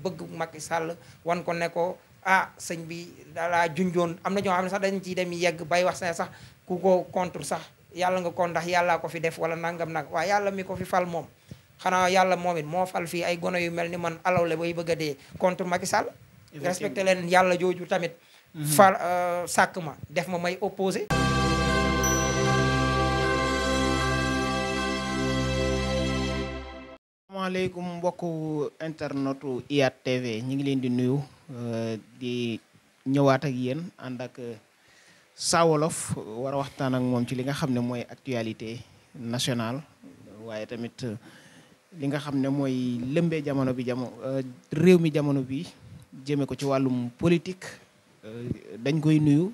bëgg Macky Sall wan ko ne ko ah sëñ bi dalaa junjoon am na ñoo xam ne sax dañ ciy dem yegg bay wax ne sax ku ko contre sax yàlla nga ko ndax yàllaa ko fi def wala nangam nag waaye yàlla mi ko fi fal moom xanaa yàlla moom it moo fal fii ay gone yu mel ni man alaw la bay bëgg a dee contre makki Sall respecté leen yàlla jooju tamit mhm. fal euh, sàkk ma def ma may opposé asalaamaaleykum mbokku internetu IYAT TV ñu ngi leen di nuyu euh, di ñëwaat ak yéen ànd ak euh, Saa Wolof waxtaan ak moom ci li nga xam ne mooy actualité national waaye tamit euh, li nga xam ne mooy lëmbee jamono bi jamono réew mi jamono bi jëme ko ci wàllum politique dañ koy nuyu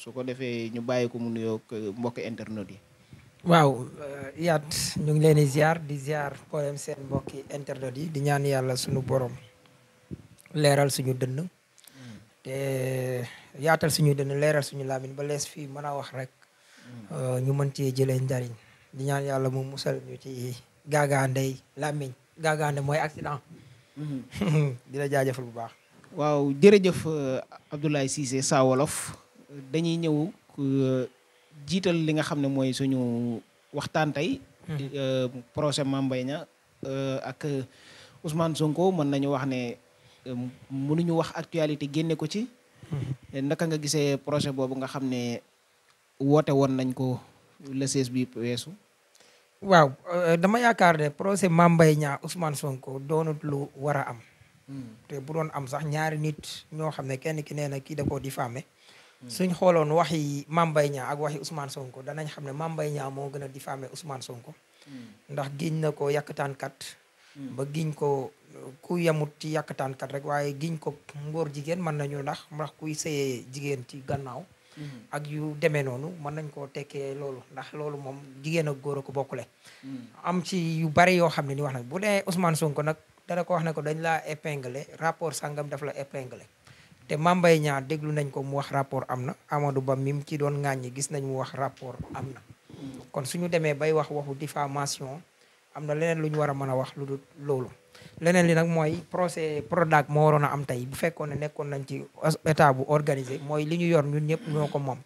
su ko defee ñu bàyyi ko mu nuyoo mbokk internet yi waaw eh, yaat ñu ngi leen di ziar di ziar mboolem seen mbokki internet yi di ñaan yàlla suñu borom leeral suñu dënn mm. te eh, yaatal suñu dënn leeral suñu làmmiñ ba lees fii mën wax rek mm. eh, ñu mën cee jëlee njariñ di ñaan yàlla moom musal ñu ci gaagaandey làmmiñ gaagaande mooy accident mm. di la jaajëfal bu baax waaw jërëjëf Abdoulaye Cissé Saa Wolof dañuy ñëw jiital li nga xam ne mooy suñu waxtaan tey. Hmm. Euh, procès Mame Mbaye Niang euh, ak euh, Ousmane Sonko mën nañu wax ne mënuñu wax actualité génne ko ci. Hmm. naka nga gisee projet boobu nga xam ne woote woon nañ ko le 16 bi weesu. waaw dama yaakaar ne procès Mame Mbaye Niang Ousmane Sonko doonut lu war a am. Hmm. te bu doon am sax ñaari nit ñoo xam ne kenn ki nee na kii da koo diffamé Hmm. suñ xooloon waxi Mame Mbaye ak waxi Ousmane Sonko danañ xam ne Mame moo gën a diffamé Ousmane Sonko. Hmm. ndax giñ na ko yàkkataankat. Hmm. ba giñ ko ku yemut ci yàkkataankat rek waaye giñ ko ngóor jigéen mën nañu ndax ndax kuy sëyee jigéen ci gannaaw. ak yu demee noonu mën nañ koo tekkee loolu ndax loolu moom jigéen ak góor a ko bokkule. am ci yu bari yoo xam ne ni wax nañ bu dee Ousmane Sonko nag dana ko wax na ko dañ laa épinglé rapport sangam daf la épinglé. te Mame Mbaye ñaar déglu nañ ko mu wax rapport am na Amadou Ba mim ci doon ŋàññi gis nañ mu wax rapport am na kon su ñu demee bay wax waxu diffamation am na leneen lu ñu war a mën a wax lu du loolu leneen li nag mooy procès Prodac moo waroon a am tey bu fekkoon ne nekkoon nañ ci état bu organisé mooy li ñu yor ñun ñëpp ñoo ko moom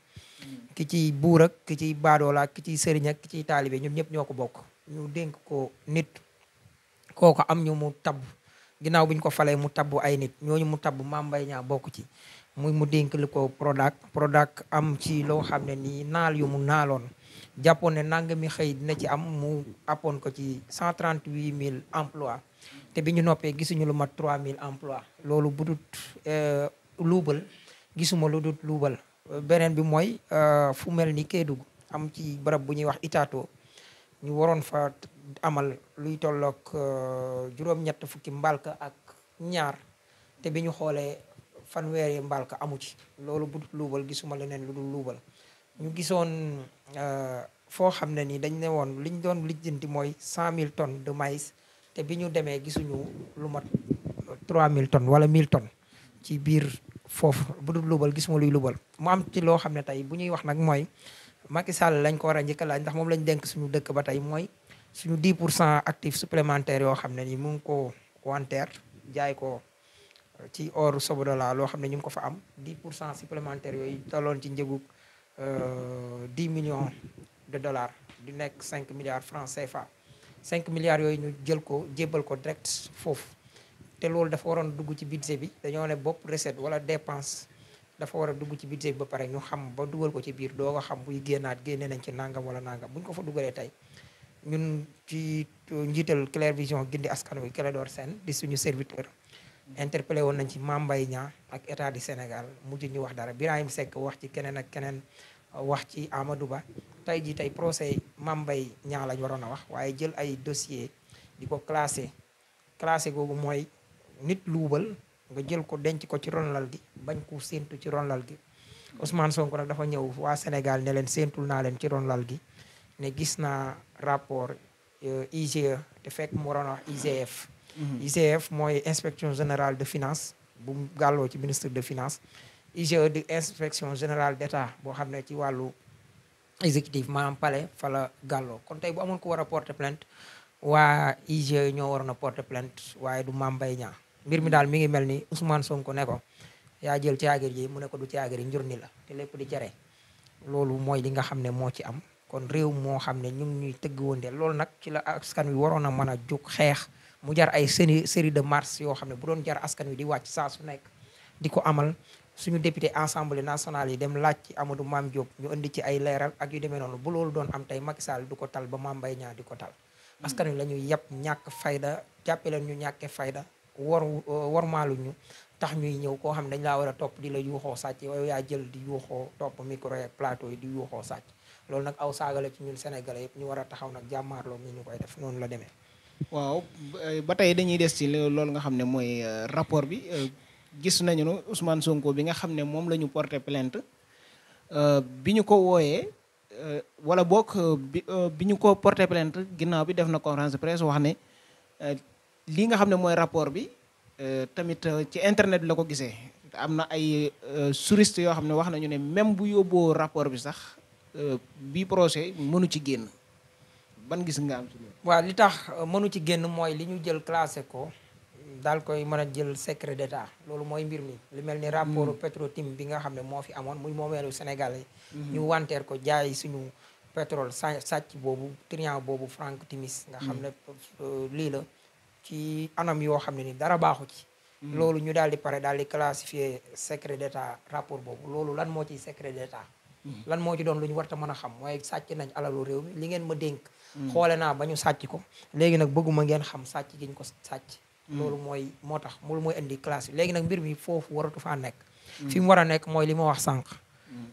ki ci buur ak ki ci baadoola ak ki ciy sëriñ ak ki ciy taalibe ñun ñëpp ñoo ko bokk ñu dénk ko nit kooko am ñu mu tab ginnaaw bi ñu ko falee mu tabbu ay nit ñooñu mu tabbu Mame Mbaye Niang bokk ci muy mu dénk li ko Prodac Prodac am ci loo xam ne nii naal yu mu naaloon jàppoon ne nanga mi xëy dina ci am mu appoon ko ci mille emplois te bi ñu noppee gisuñu lu mat mille emplois loolu bu dut euh, luubal gisuma lu dut luubal beneen bi mooy euh, fu mel ni Kédougou am ci barab bu ñuy wax Itato ñu waroon fa amal luy tollook euh, juróom-ñett fukki mbalka ak ñaar te bi ñu xoolee fanweeri mbalka amu ci loolu bu luubal gisuma leneen lu dul luubal ñu gisoon euh, foo xam ne ni dañ ne woon liñ doon lijjanti mooy cent mille tonnes de maïs te bi ñu demee gisuñu lu mat trois mille tonnes wala mille tonnes ci biir foofu bu dul luubal gisuma luy luubal mu am ci loo xam ne tey bu ñuy wax nag mooy Macky Sall lañ ko war a ndax moom lañ denk suñu dëkk ba tey mooy suñu 10 pour cent active supplémentaires yoo xam ne ni mu ngi ko wanteer jaay ko euh, ci or Sobodola loo xam ne ñu ngi ko fa am 10 pour cent supplémentaires yooyu tolloon ci njëgu 10 euh, millions de dollars di nekk 5 milliards francs fa cinq milliards yooyu ñu jël ko jébbal ko direct foofu te loolu dafa waroon dugg ci budget bi dañoo ne bopp recette wala dépense dafa war a dugg ci budget ba pare ñu xam ba dugal ko ci biir doo ko xam buy génnaat génne nañ ci nangam wala nangam buñ ko fa dugalee tey ñun ci euh, njiital Claire Vision gindi askan wi Clédor seen di suñu serviteur interpellé woon nañ ci Mame Mbaye Niang ak état du Sénégal mujj ñu wax dara Birahim Seck wax ci keneen ak keneen wax ci Amadou Ba tey jii tey procès Mame Mbaye Niang lañ waroon a wax waaye jël ay dossier di ko classé classé googu mooy nit luubal nga jël ko denc ko ci ronlal gi bañ ko séentu ci ron lal gi Ousmane Sonko nag dafa ñëw waa Sénégal ne leen séentul naa leen ci lal gi ne gis rapport euh, IGE te fekk mu waroon wax IGF mhm. IGF mooy inspection générale de finance bu mu gàlloo ci ministre de finance IGE di inspection générale d'État boo xam ne ci wàllu exécutif maanaam palais fa la gàlloo kon tey bu amoon ko war a porter plainte waa e ñoo waroon a porter waaye du Mame Mbaye Niang mbir mi daal mi ngi mel ni Ousmane Sonko ne ko yaa jël caagir ji mu ne ko du ci yi njur ni la te lépp di cere loolu mooy li nga xam ne moo ci kon réew moo xam ne ñun ñuy tëgg woon de loolu nag ci la askan wi waroon a mën a jóg xeex mu jar ay série série de mars yoo xam ne bu doon jar askan wi di wàcc saa su nekk di ko amal suñu député assemblée nationale yi dem laaj ci Amadou maam jóg ñu indi ci ay leeral ak yu demee noonu bu loolu doon am tey Macky du ko tal ba maam Mbaye Niang di ko tal askan wi la ñuy yàpp ñàkk fayda jàppe leen ñu ñàkkee fayda war maalu ñu tax ñuy ñëw koo xam ne dañ laa war a topp di la yuuxoo sàcc yow yaa jël di yuuxoo topp micro yeeg yi di yuuxoo sàcc loolu nag aw saaga la ci ñun sénégalais yëpp ñu war a taxaw nag jàmmaarloo ni ñu koy def noonu la demee. waaw ba tey dañuy des ci loolu nga xam ne mooy euh, rapport bi euh, gis nañu ne Ousmane Sonko bi nga xam ne moom la ñu porté plainte euh, bi ñu ko wooyee. wala boog bi bi ñu ko porté plainte ginnaaw bi def na conférence de presse wax ne lii nga xam ne mooy rapport bi tamit ci internet bi la ko gisee am na ay juristes yoo xam ne wax nañu ne même bu yóbboo rapport bi sax Euh, bi projet mënu ci génn ban gis nga am ci loolu. li tax euh, mënu ci génn mooy li ñu jël classé ko daal koy mën a jël secret d'état loolu mooy mbir mi. lu mel ni rapport hmm. Petrotim bi nga xam ne moo fi amoon muy moomeelu Sénégal yi. Hmm. ñu wanteer ko jaay suñu pétrole sa sàcc boobu trian boobu Frank Timis. nga xam hmm. ne euh, lii la ci anam yoo xam ne ni dara baaxu ci. loolu ñu daal di pare daal di classifier secret d'état rapport boobu loolu lan moo ciy secret d'état. lan moo ci doon lu ñu warta mën a xam waaye sàcc nañ alalu réew mi li ngeen ma dénk mm. xoole naa ba ñu sàcc ko léegi nag bëgguma ngeen xam sàcc giñ ko sàcc mm. loolu mooy moo tax mulu mooy indi classe léegi nag mbir mi foofu waratu faa nekk mm. fi war a nekk mooy li ma wax sànq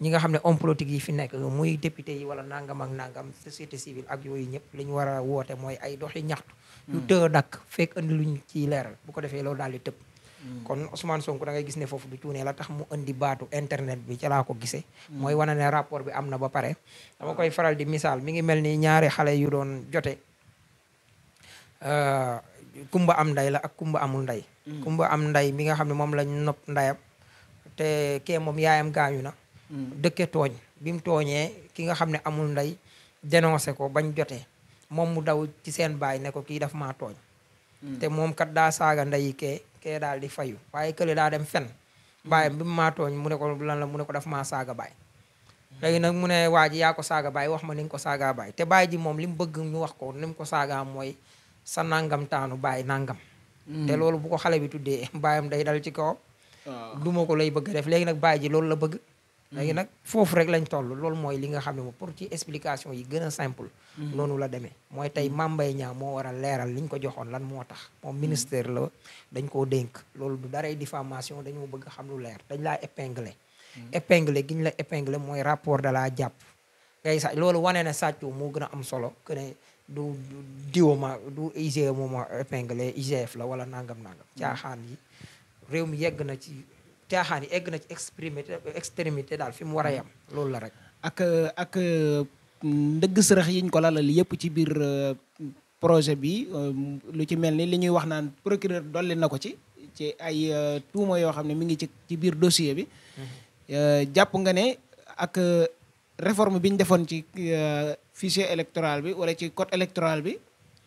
ñi nga xam ne homme politique yi fi nekk muy député yi wala nangam ak nangam société civile ak yooyu ñëpp li ñu war a woote mooy ay dox doxi ñaxtu yu tëë dakk fekk andi luñ ciy leeral bu ko defee loolu daal di tëb Mm. kon Ousmane Sonko da ngay gis ne foofu du cuune la tax mu indi baatu internet bi ca laa ko gisee. Mm. mooy wane ne rapport bi am na ba pare. dama koy faral di misaal mi ngi mel ni ñaari xale yu doon jote uh, kumba am nday la ak kumba amul nday. Mm. kumba am nday mi nga xam ne moom lañ nopp ndayam te kee moom yaayam gaañu na. dëkke tooñ bi mu tooñee ki nga xam ne amul nday dénoncé ko bañ jotee moom mu daw ci seen baay ne ko kii daf maa tooñ. te moom kat daa saaga nday kee daal di fayu waaye kële daa dem fen baayam bi mu maa mu ne ko lan la mu ne ko daf maa saaga baay léegi nag mu ne waa yaa ko saaga baay wax ma ni ko saagaa baay te baay ji moom li mu bëgg ñu wax ko ni mu ko saagaa mooy sa nangam taanu baay nangam. Hmm. te loolu bu ko xale bi tuddee baayam day dal ci kawam. Ah. duma ko lay bëgg def léegi nag baay ji loolu la bëgg. léegi mhm. nag foofu rek lañ toll loolu mooy li nga xam ne moom pour ci explication yi gën a simple. Mhm. noonu la demee mooy tey mhm. Mame Mbaye Niang moo war a leeral li ñu ko joxoon lan moo tax moom ministère la dañ koo dénk loolu du daray diffamation dañoo bëgg xam lu leer dañ laa épingler. épingler giñ la épingler mooy rapport da laa jàpp. ngay sa loolu wanee ne sàccu moo gën a am solo que du diwuma du IGE mooma épingler IGF e la wala nàngam nangam caaxaan yi réew mi yegg na ci. caaxaan yi egg na ci extrémité extrémité daal fi mu war a yem mm. loolu la rek. ak ak ndëgg sërëx yiñ ko lalal yëpp ci biir euh, projet bi euh, lu ci mel ni li ñuy wax naan procureur dolli na ko ci ci ay euh, tuuma yoo xam ne mi ngi ci ci biir dossier bi. Mm-hmm. jàpp nga ne ak réforme bi ñu defoon ci fichier électoral bi wala ci code électoral bi.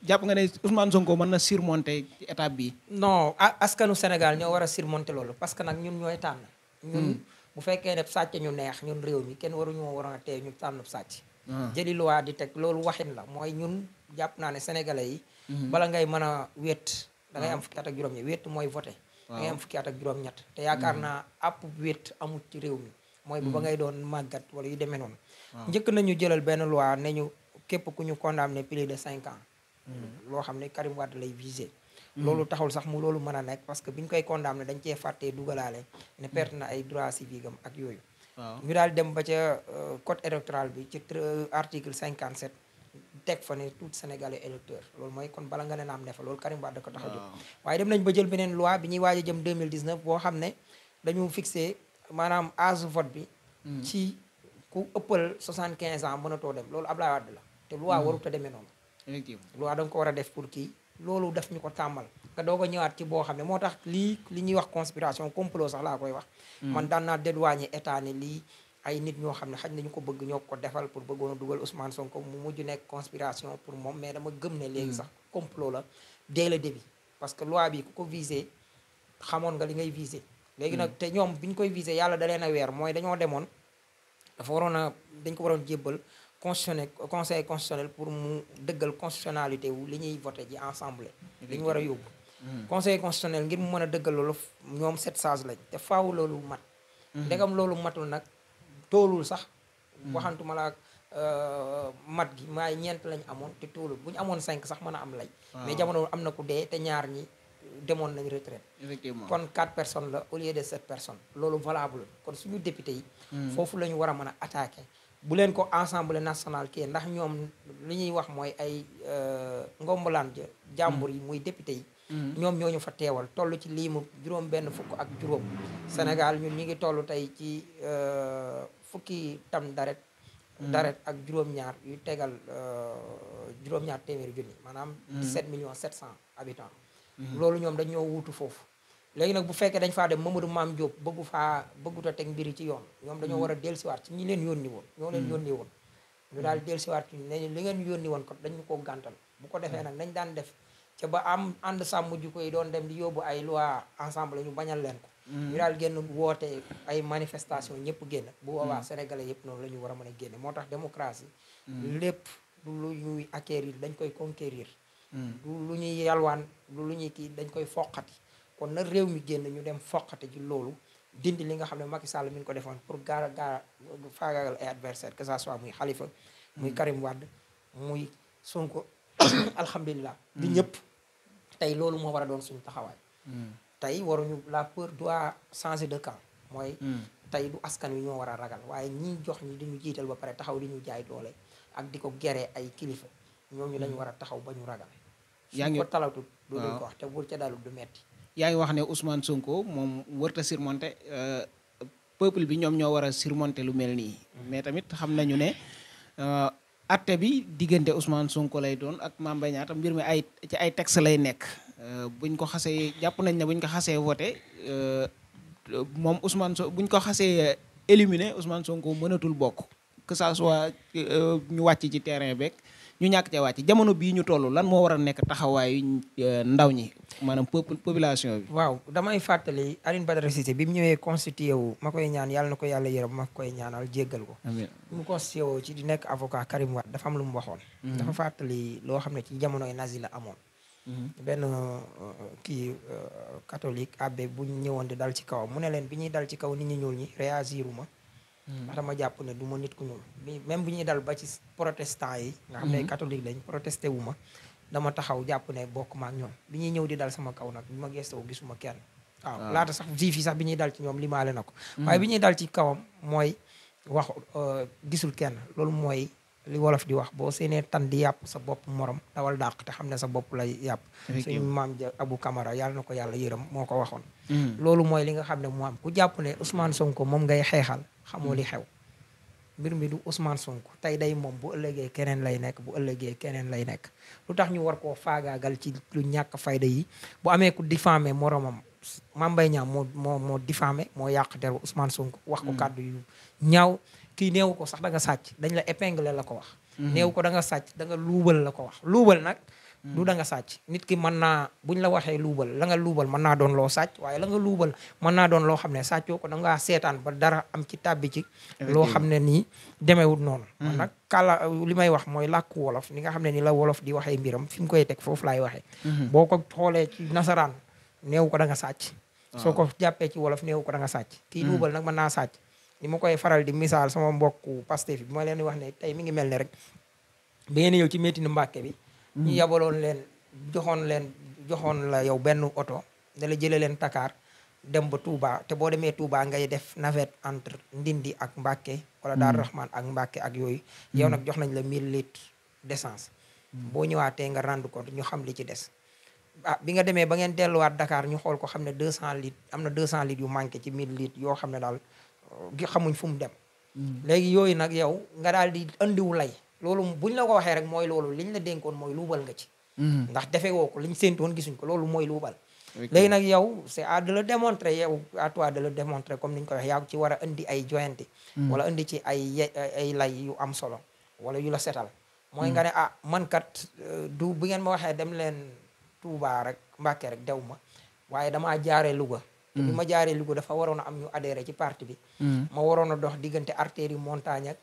jàpp nga ne Ousmane Sonko mën na surmonter état étape no non askanu Sénégal ñoo war a surmonter loolu parce que nag ñun ñooy tànn. ñun hmm. bu fekkee ne sàcc ñu neex ñun réew mi kenn waruñoo waroon a tee ñu tànn sàcc. Ah. jëli loi di teg loolu waxin la mooy ñun jàpp naa ne sénégalais yi. Hmm. bala ngay mën a wéet. dangay ah. am fukki at ak juróom-ñett mooy voté. da am fukki at ak te yaakaar hmm. naa àpp wéet amul ci réew mi. mooy bu ba ngay doon màggat wala yu demee noonu. njëkk nañu jëlal benn loi ne ñu képp ku ñu condamné plus de cinq loo xam ne Karim Wade lay visé loolu taxul sax mu loolu mën a nekk parce que bi ñu koy ne dañ cee fàttee dugalaale ne perte na ay droits civiques am ak yooyu ñu daal dem ba ca euh, code électoral bi ci article 57 teg fa ne tout sénégalais électeur loolu mooy kon bala nga ne naam ne fa loolu Karim Wade da ko a jóg waaye dem nañ ba jël beneen loi bi ñuy waaj a jëm 2019 boo xam ne dañu fixé maanaam âge vote bi hmm. ci ku ëppal 75 ans mënatoo dem loolu Ablaye Wade la te loi hmm. warut demee noonu loi da nga ko war a def pour kii loolu daf ñu ko tàmmal nga doog ñëwaat ci boo xam ne moo tax lii li ñuy wax conspiration complot sax laa koy wax hmm. man daan naa dédouaner état ne lii ay nit ñoo xam ne xaj nañu ko bëgg ñoo ko defal pour bëggoon a dugal Ousmane Sonko mu mujj nekk conspiration pour moom mais dama gëm ne léegi hmm. sax complot la dès le début parce que loi bi ku ko visé xamoon nga li ngay visé léegi nag hmm. te ñoom bi ñu koy visé yàlla da na weer mooy dañoo demoon dafa waroon dañ ko waroon jébbal constitutionnel conseil constitutionnel pour mu dëggal constitutionnalité wu li ñuy voté ji ensemble li ñu war a yóbbu hmm. conseil constitutionnel ngir mu mën a dëggal loolu ñoom sept sages lañ te faaw loolu mat hmm. ndegam loolu matul nag toolul sax hmm. waxantuma la euh, mat gi maay ñeent lañ amoon te toolul bu ñu amoon cinq sax mën a am lay ah. mais jamono am na ku dee te ñaar ñi demoon nañ retraite effectivement kon quatre personnes la au lieu de sept personnes loolu valable kon suñu député yi foofu la ñu war a mën a attaqué bu leen ko assemblée nationale kii ndax ñoom li ñuy wax mooy ay euh, ngombalaan ja jàmbur yi muy député yi mm-hmm. ñoom ñooñu fa teewal toll ci lii mu juróom benn fukk ak juróom Sénégal ñun ñi ngi toll tey ci euh, fukki tam daret daret ak juróom-ñaar yu tegal euh, juróom-ñaar téeméeri junni maanaam million mm-hmm. millions cent habitants mm-hmm. loolu ñoom dañoo wuutu foofu léegi nag bu fekkee dañ faa dem Mamadou Maam Diop bëggu faa bëggut a teg mbiri ci yoon ñoom dañoo war a dellusiwaat ci ñi leen yónni woon ñoo leen yónni woon ñu daal dellusiwaat ci ne li ngeen yónni woon ko dañu ko gàntal bu ko defee nag nañ daan def ca ba am ànd sàmm ju koy doon dem di yóbbu ay loi ensemble ñu bañal leen ko mm. ñu daal génn wootee ay manifestation ñëpp génn bu boobaa mm. sénégalais yëpp noonu la ñu war a mën a génne moo tax démocratie mm. lépp du lu ñuy acquérir dañ koy conquérir lu ñuy yalwaan du lu ñuy kii dañ koy foqati kon na réew mi génn ñu dem foqate ji loolu dindi li nga xam ne Macky Sall min ko defoon pour gaara gaara faagaagal ay adversaire que ça soit muy Khalifa muy mm. Karim wàdd muy Sonko alhamdulilah di mm. ñëpp tey loolu moo war a doon suñu taxawaay mm. tey waruñu la peur doit changer de camp mooy tey du askan wi ñoo war a ragal waaye ñii jox ñi diñu jiital ba pare taxaw li ñu jaay doole ak di ko geree ay kilifa ñooñu lañu war a taxaw ba ñu ragal yaa ngi ko talatu du duñ ca dalul du metti yaa ngi wax ne Ousmane Sonko moom warut a surmonter euh, peuple bi ñoom ñoo war a surmonter lu mel nii. mais tamit xam nañu ne euh, atte bi diggante Ousmane Sonko lay doon ak Mame Mbaye mbir mi ay ci ay texte lay nekk. Euh, buñ ko xasee jàpp nañ ne buñ ko xasee voté moom Ousmane Sonko buñ ko xasee éliminé Ousmane Sonko mënatul bokk que ça soit ñu wàcc ci terrain beeg. ñu ñàkk cee ci jamono bii ñu toll lan moo war a nekk taxawaayu euh, ndaw ñi maanaam population waaw damay fàttali Alioune ba Cissé bi mu ñëwee constitué wu ma koy ñaan yàlla na ko yàlla yërëm ma koy ñaanal jéggal ko. mu constitué woo ci di nekk avocat Karim Wade dafa am lu mu waxoon. Mm-hmm. dafa fàttali loo xam ne ci jamonoy nazi la amoon. Mm-hmm. benn euh, kii euh, catholique abbé bu ñëwoon di dal ci kawam mu ne leen bi ñuy dal ci kaw nit ñi ñuul ñi réagiruma Hmm. ndax dama jàpp ne du ma nit ku ñuul même bu ñuy dal ba ci protestant yi nga xam ne hmm. catholique lañ protesté wu ma dama taxaw jàpp ne bokk ma ak ñoom bi ñuy ñëw di dal sama kaw nag bi ma gestoo gisuma kenn ah. laata sax juif bi ñuy dal ci ñoom limaale na ko hmm. waaye bi ñuy dal ci kawam mooy wax euh, gisul kenn loolu mooy li wolof di wax boo seenee tan di yàpp sa bopp morom dawal dàq te xam ne sa bopp lay yàpp suñu maam ja Abu Kamara yàlla na ko yàlla yërëm moo ko waxoon Mm. loolu mooy li nga xam ne moo am ku jàpp ne Ousmane Sonko moom ngay xeexal xamoo li mm. xew mbir mi du Ousmane Sonko tey day moom bu ëllëgee keneen lay nekk bu ëllëgee keneen lay nekk lu tax ñu war koo faagaagal ci lu ñàkk fayda yi bu amee ku diffamé moromam Mame Mbaye moo moo moo diffamé moo yàq deru Ousmane Sonko wax ko mm. kàddu yu ñaaw kii néew ko sax da nga sàcc dañ la épinglé la ko wax néew ko da nga sàcc da nga luubal la ko wax luubal nag du da nga sàcc nit ki mën naa buñ la waxee luubal la nga luubal mën naa doon loo sàcc waaye la nga luubal mën naa doon loo xam ne sàccoo ko da ngaa seetaan ba dara am ci tàbbi ci loo xam ne nii demewut noonu mm. man nag kàlla li may wax mooy lakk wolof ni nga xam ne ni la wolof di waxee mbiram fi mu koy teg foofu laay waxee mm-hmm. boo ko xoolee ci nasaraan néew ko da nga sàcc soo ko jàppee ci wolof néew ko da nga sàcc kii mm. luubal nag mën naa sàcc ni ma koy faral di misaal sama mbokku Pastef bi ma leen di wax ne tey mi ngi mel ne rek ba ngeen ci métti Mbàkke bi ñu mm-hmm. yabaloon leen joxoon leen joxoon la yow benn oto dala jële leen Dakar dem ba Touba te boo demee Touba ngay def navette entre Ndindi ak Mbacke wala Daar mm-hmm. Rahman ak Mbacke ak yooyu yow nag mm-hmm. jox nañ la mille litres d'essence boo ñëwaatee nga rende compte ñu xam li ci des ah bi nga demee ba ngeen delluwaat Dakar ñu xool ko xam ne 200 litres am na 200 litres yu manqué ci 1000 litres yoo xam ne daal euh, gi xamuñ fu mu dem léegi yooyu nag yow nga daal di andiwu lay loolu buñ la ko waxee rek mooy loolu liñ la dénkoon mooy luubal nga ci mm-hmm. ndax defe woo ko liñ séentoon gisuñ ko loolu mooy luubal léegi nag yow c'est à de le démontrer yow à toi de le démontrer ni ñu ko waxee yaa ci war andi ay joyanti mm-hmm. wala andi ci ay ay lay yu am solo wala yu la setal mooy mm-hmm. nga ne ah man kat euh, du bi ngeen ma waxee dem leen Touba rek Mbàkke rek dew ma waaye damaa jaaree luga te ma jaaree Louga dafa waroon a am ñu adhéré ci parti bi ma waroon a dox diggante artères yi montagne ak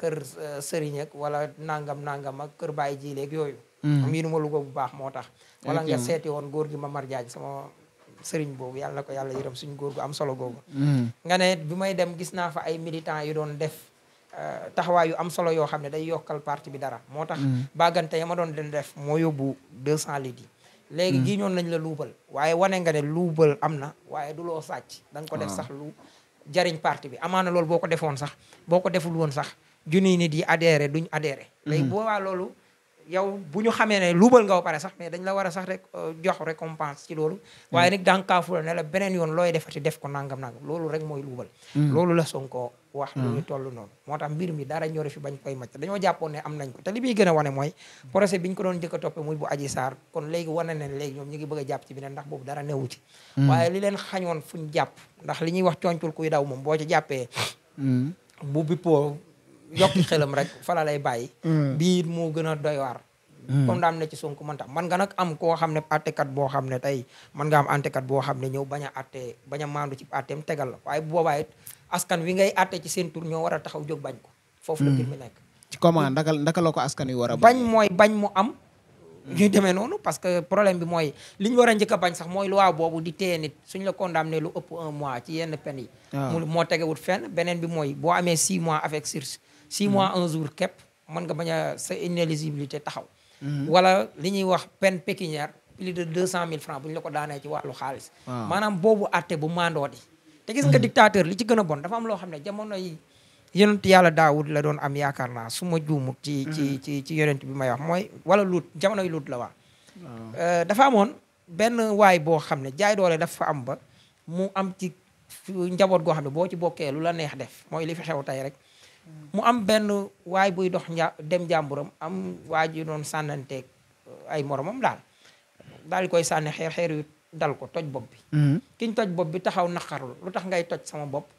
kër euh, sëriñ ak wala nangam nangam ak kër bàyyi jiileeg yooyu mm-hmm. miinu ma Louga bu baax moo tax wala nga seeti woon góor gi ma Mar Jaaj sama sëriñ boobu yàlla ko yàlla yërëm suñ góor gu am solo googu mm-hmm. nga ne bi may dem gis naa fa ay militants yu doon def euh, taxawaay yu am solo yoo xam ne day yokkal parti bi dara moo tax mm-hmm. bàggante ya ma doon den def moo yóbbu deux cent litres yi léegi gii ñoon nañ la luubal waaye wane nga ne luubal am na waaye du loo sàcc da ko def ah. sax lu jariñ parti bi amaana loolu boo ko defoon sax boo ko deful woon sax junniy nit yi adhéré duñ adhéré. Mhm. léegi boobaa loolu yow bu ñu xamee ne luubal nga ba pare sax mais dañ la war a sax rek euh, jox récompense ci loolu. Mhm. waaye nag dànkaafu la ne la beneen yoon looy defati def ko nangam nangam loolu rek mooy luubal. Mhm. loolu la Sonko wax lu toll noonu. moo tax mbir mi dara ñore fi bañ koy màcc dañoo jàppoon ne am nañ ko te li muy gën a wane mooy procès bi ko doon njëkk a toppee muy bu Adji Sarr kon léegi wane nañ léegi ñu ngi bëgg a jàpp ci beneen ci. waaye li leen xañoon fuñ jàpp ndax li ñuy wax cooncul kuy daw moom boo ci jàppee bu bippoo yokki xelam rek fala lay bàyyi mm. bii moo gën a doy waar mm. comme daam ne ci Sonko man tam man nga nag am koo xam ne attekat boo xam ne tey man nga am attekat boo xam ne ñëw bañ a atte bañ a ci atteem tegal la waaye bu boobaa it askan wi ngay atte ci seen tur ñoo war a taxaw jóg bañ ko foofu la mm. nekk ci comment ndaka la ko askan wi war a bañ mooy bañ mu am ñuy demee noonu parce que problème bi mooy li ñu war a bañ sax mooy lu waa boobu di téye nit suñ la condamné lu ëpp un mois ci yenn peine yi ah. moo tegewut fen beneen bi mooy boo amee six mois avec sursis six mhm. mois un jour képp mën nga bañ a sa inéligibilité taxaw mhm. wala li ñuy wax penn pécuniaire plus de deux cent mille francs bu ñu la ko daanee ci wàllu xaalis maanaam boobu atte bu mandoo di te gis nga mhm. dictateur li ci gën a bon dafa am loo xam ne jamonoy yi yonent yàlla daawud la doon am yaakaar naa suma ma juumut ci ci ci ci yonent bi may wax mooy wala luut jamonoy lut la waa euh, dafa amoon benn waay boo xam ne jaay doole dafa am ba mu am ci njaboot goo xam ne boo ci bokkee lu la neex def mooy li fi tey rek mu am benn waay buy dox nja dem jàmburam am waa ji doon sànnanteeg uh, ay moromam daal daal di koy sànni xeer xeer yu dal ko toj bopp bi mm-hmm. kiñ toj bopp bi taxaw naqarul lu tax ngay toj sama bopp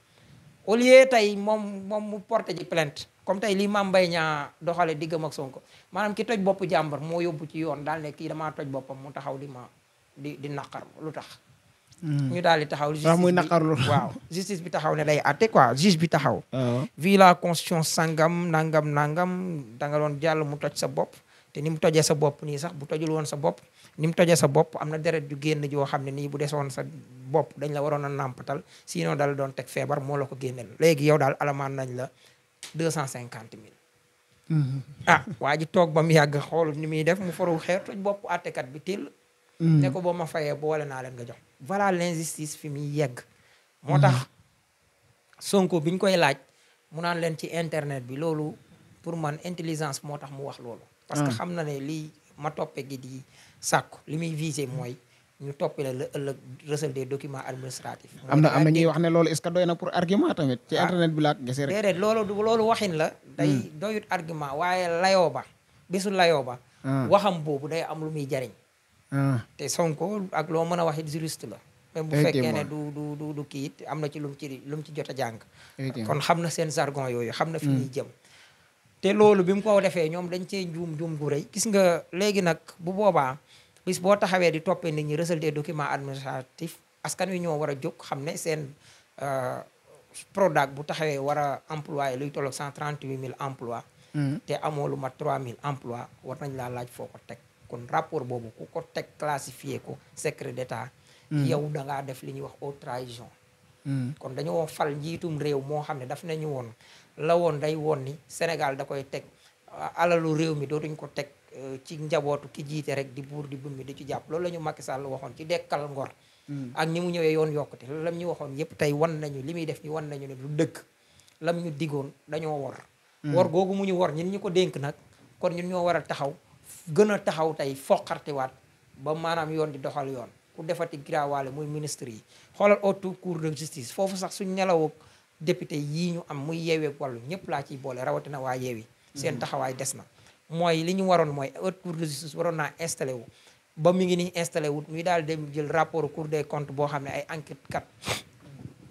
au lieu tey moom moom mu porté ji plainte comme tey lii Mame Mbaye Niang doxale diggam ak Sonko maanaam ki toj bopp jàmbur moo yóbbu ci yoon daal ne kii damaa toj boppam mu taxaw di ma di di naqar lu tax Mm. ñu daal di taxaw justice muy naqarlu waaw justice bi taxaw ne day atte quoi juge bi taxaw ah. vi la constitution sangam nangam nangam da nga doon jàll mu toj sa bopp te ni mu tojee sa bopp nii sax bu tojul woon sa bopp ni mu tojee sa bopp am na deret ju génn joo xam ne nii bu desoon sa bopp dañ la waroon a nàmpatal sinon dala doon teg feebar moo la ko génneel léegi yow daal alamaan nañ la deux cent cinquante mille mm-hmm. ah, waa ji toog ba mu yàgg xool ni muy def mu faru xeer toj bopp attekat bi till mm. ne ko boo ma fayee boole naa leen nga jox voilà l'injustice fi muy yegg. moo tax Sonko bi ñu koy laaj mu naan leen ci internet bi loolu pour man intelligence moo tax mu wax loolu. parce que ah. xam na ne lii ma toppe gi di sàkku li muy visé mooy. ñu toppi la la ëllëg recel des documents administratifs. am na am na ñuy wax ne loolu est-ce que doy na pour argument tamit. ci ah. internet bi laa ko gisee rek. déedéet loolu loolu waxin la. day hmm. doyut argument waaye layoo ba bésu layoo ba. Ah. waxam boobu day am lu muy jariñ. Ah. te Sonko ak loo mën a wax it la. même bu fekkee ne du du du du kii am na ci lu ci lu mu ci jot a jàng. kon xam na seen jargon yooyu xam na fi hmm. ñuy jëm. te loolu bi mu ko defee ñoom dañ cee njuum njuum gu rey gis nga léegi nag bu boobaa bis boo taxawee di toppee nit ñi recel des documents administratifs askan wi ñoo war a jóg xam ne seen euh, Prodac bu taxawee war a employé luy tolloog 138 000 emplois. Hmm. te amoo lu mat 3000 emplois war nañ laa laaj foo ko teg. kon rapport boobu ku ko teg classifié ko secret d'état hmm. yow da ngaa def li ñuy wax haute trahison hmm. kon dañoo fal njiitum réew moo xam ne daf nañu woon la woon day woon ni Sénégal da koy teg alalu réew mi dootuñ ko teg euh, ci njabootu ki jiite rek di buur di bummi di ci jàpp loolu la ñu Macky Sall waxoon ci dekkal ngor hmm. ak ñi mu ñëwee yoon yokkute la lam ñu waxoon yépp tey wan nañu li muy def ni wan nañu ne du dëgg lam ñu digoon dañoo wor wor googu mu ñu wor ñun ñu ko dénk nag kon ñun ñoo war a taxaw gën a taxaw tey foqartiwaat ba maanaam yoon di doxal yoon ku defati giraawaale muy ministre yi xoolal haute cour de justice foofu sax suñ nelawoo député yii ñu am muy yeewee wàllu ñëpp laa ciy boole rawatina waa yeewi seen mm-hmm. taxawaay des na mooy li ñu waroon mooy haute cour de justice waroon naa installé wu ba mu ngi ni installé wut ñuy daal dem jël rapport cour des comptes boo xam ne ay enquête kat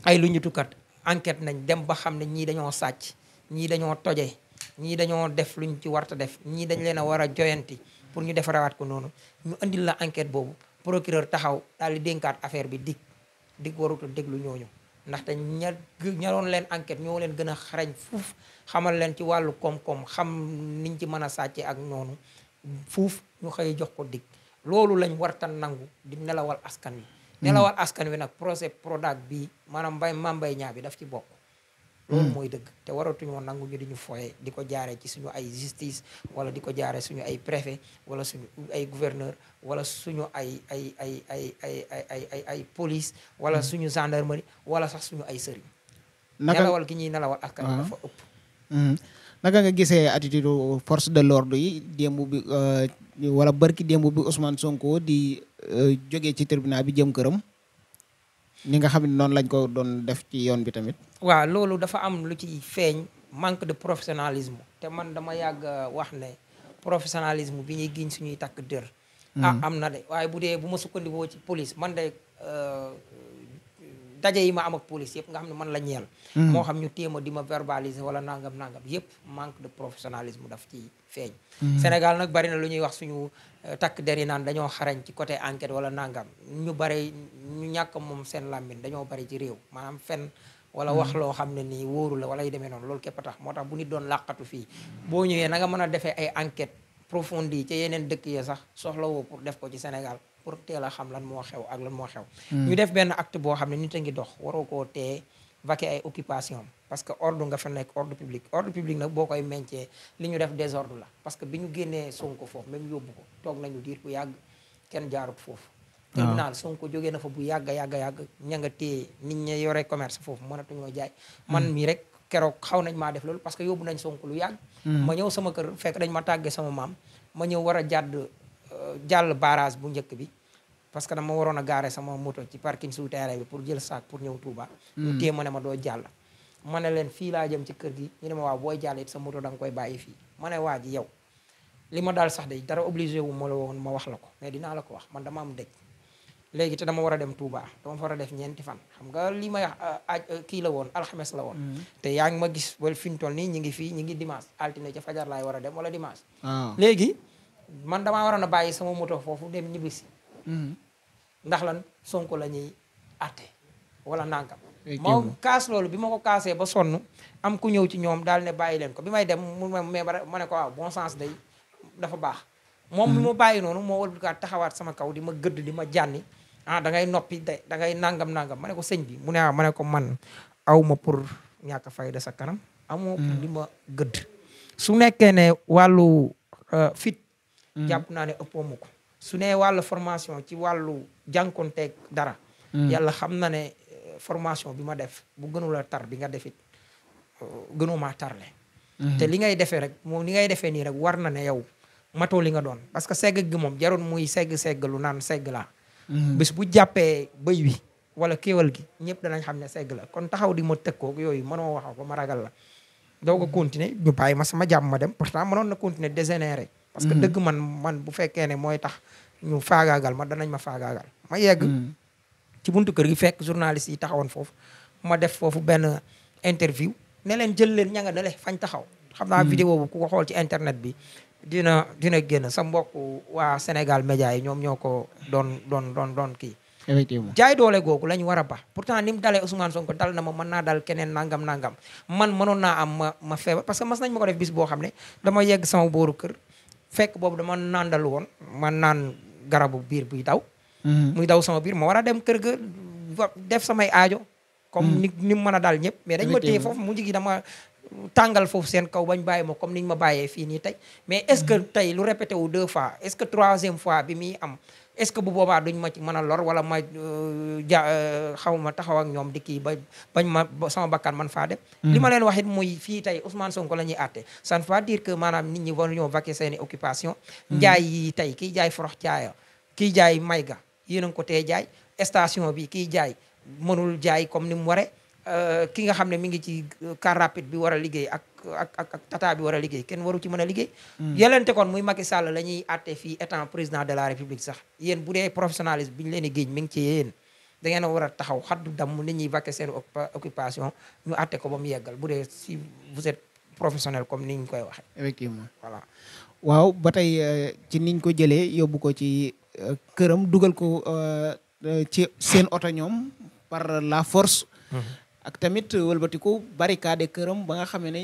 ay lu ñutukat enquête nañ dem ba xam ne ñii dañoo sàcc ñii dañoo toje ñii dañoo def luñ ci warta def ñii dañ leen a war a joyanti pour ñu defarawaat ko noonu ñu andil la enquête boobu procureur taxaw daal di dénkaat affaire bi digg dig warut a déglu ñooñu ndaxte ña ña doon leen enquête ñoo leen gën a xarañ fuuf xamal leen ci wàllu koom-koom xam niñ ci mën a sàcce ak noonu fuuf ñu xëy jox ko dig loolu lañ warta nangu di nelawal askan wi hmm. nelawal askan wi nag procès Prodac bi maanaam mbay mambay ñaa bi daf ci bokk loolu hmm. mooy dëgg te waratuñoo nangu ñu di ñu foye di ko jaaree ci suñu ay justice wala di ko jaare suñu ay préfet wala suñu ay gouverneur wala suñu ay ay ay ay ay ay ay ay police wala hmm. suñu gendarmerie wala sax suñu ay sëriñ nelawal ki ñuy nelawal askan ah. dafa ëpp hmm. naga nga gisee attitude force de l'ordre yi démb bi euh, wala bërki démb bi Ousmane Sonko di euh, jóge ci tribunal bi jëm këram ni nga xam noonu lañ ko doon def ci yoon bi tamit. waaw loolu dafa am lu ci feeñ manque de professionalisme te man dama yàgg wax ne professionnalisme bi ñuy giñ suñuy takk dër. Hmm. Ah, am na de waaye bu dee bu ma sukkandikoo ci police man de euh, daje yi ma am ak police yëpp nga xam ne man la ñeel. Hmm. moo xam ñu téema di ma verbaliser wala nangam nangam yëpp manque de professionnalisme daf ci feeñ. Hmm. Sénégal nag bari lu ñuy wax suñu Euh, takk der yi naan dañoo xarañ ci côté enquête wala nangam ñu bari ñu ñàkk moom seen làmbin dañoo bari ci réew maanaam fen wala wax loo xam ne nii wóoru la wala yu demee noonu loolu képp a tax moo tax bu nit doon làqatu fii boo ñëwee na nga mën a defee ay enquête profonde yi ca yeneen dëkk ya sax soxlawoo pour def ko ci Sénégal pour teel a xam lan moo xew ak lan moo xew hmm. ñu def benn act boo xam ne nit a ngi dox waroo koo tee vaquer ay occupation parce que ordre nga fa nekk ordre public ordre public nag boo koy meñcee li ñu def désordre la parce que bi ñu génnee Sonko foofu même yóbbu ko toog nañu diir bu yàgg kenn jaarut foofu ah. tribunal sunk jógee na fa bu yàgg yàgg yàgg ña nga téye nit ña yore commerce foofu mënatuñoo jaay hmm. man mii rek keroog xaw nañ maa def loolu parce que yóbbu nañ Sonko lu yàgg hmm. ma ñëw sama kër fekk dañ ma tàggee sama maam ma ñëw war a jàdd euh, jàll barrage bu njëkk bi parce que dama waroon a gaare sama moto ci parking souterrain bi pour jël saak pour ñëw Touba. ñu hmm. ma ne ma doo jàll ma ne leen fii laa jëm ci kër gi ñu ne ma waaw booy jàll sa moto danga koy bàyyi fii mane waa ji yow li ma daal sax day dara obligé wu ma la woon ma wax la ko mais dinaa la ko wax man dama am dëj léegi te dama war dem Touba dama war a def ñeenti fan xam nga li may aj kii la woon alxames la woon mm. te yaa ngi ma gis wala fi ñu toll nii ñi ngi fii ñi ngi dimanche altine ca fajar war a dem wala dimanche ah. léegi man damaa waroon a bàyyi sama moto foofu dem ñibbisi mm. ndax lan Sonko la ñuy atte wala nangam ma kaas loolu bi ma ko kaasee ba sonn am ku ñëw ci ñoom daal ne bàyyi leen ko bi may dem mu mais ma mane ko waaw bon sens day dafa baax moom mi mm-hmm. ma bàyyi noonu moo walbikaat taxawaat sama kaw di ma gëdd di ma jànni ah da ngay noppi da da ngay nangam nangam ma ne ko sëñ bi mu ne ah ma ne ko man aw ma pour ñàkk a fayda sa kanam amu mm. ma gëdd su nekkee ne wàllu euh, fit mm. jàpp naa ne ëppoo ko su ne wàllu formation ci wàllu jànkonteeg dara mm. yàlla xam na ne formation bi ma def bu gënula tar bi nga defit euh, gënumaa tarle mhm. te li ngay defee rek moom li ngay defee nii rek war na ne yow matoo li nga doon parce que segg gi moom jarul muy segg segg lu naan segg laa mhm. bis bu jàppee bëy wi wala kéwal gi ñëpp danañ xam ne segg la kon taxaw di ma tëkkoog yooyu mënoo waxaw ba ma ragal la doog a mhm. continuer ñu ma sama jàmm ma dem pourtant mënoon na continuer dégénéré parce que dëgg man man bu fekkee ne mooy tax ñu faagaagal ma danañ ma faagaagal ma yegg ci buntu kër gi fekk journaliste yi taxawoon foofu ma def foofu benn interview ne leen jël leen ña nga ne fañ taxaw xam naa hmm. vidéo bu ku ko xool ci internet bi dina dina génn sa mbokk waa Sénégal média yi ñoom ñoo ko doon doon doon doon kii effectivement jaay doole googu la ñu war a ba pourtant ni mu dalee Ousmane Sonko dal na ma mën naa dal keneen nangam nangam man mënoon naa am ma ma parce que mas nañ ma ko def bis boo xam ne dama yegg sama booru kër fekk boobu dama nàndalu woon ma naan garabu biir buy daw Mm-hmm. muy daw sama biir ma war a dem kër ga def samay aajo. comme mm-hmm. ni ni mu mën a daal ñëpp. mais dañ ma téye foofu mu jigi dama tangal foofu seen kaw bañ bàyyi ma comme niñ ma bàyyee fii nii tey. mais est ce que mm-hmm. tey lu répété wu deux fois est ce que troisième fois bi muy am est ce que bu boobaa duñ ma ci mën a lor wala ma euh, ja euh, xaw ma taxaw ak ñoom di kii ba bañ ma sama bakkan man faa dem. li ma leen wax it muy fii tey Ousmane Sonko la ñuy àtte ça ne veut pas que maanaam nit ñi war ñoo vaquer seen i occupation. yi tey kii jaay forox caaya kii jaay mayga yéen a ngi ko tee jaay station bi kiy jaay mënul jaay comme ni mu waree euh, ki nga xam ne mi ngi ci car rapide bi war a liggéey ak ak ak ak tata bi war a liggéey kenn waru ci mën a liggéey. Hmm. yelente kon muy Macky Sall la ñuy àtte fii étant président de la république sax yéen bu dee professionnalisme bi leen di géej mi ngi ci yéen. da ngeen a war a taxaw xaddu damm nit ñuy vaquer seen occupation ñu àtte ko ba mu yeggal bu dee si vous êtes professionnel comme ni ñu koy waxee. effectivement voilà. waaw ba tey euh, ci niñ ko jëlee yóbbu ko këram dugal ko euh, ci seen oto ñoom par la force. Mhm. ak tamit wëlbatiku barricade këram ba nga xamee ne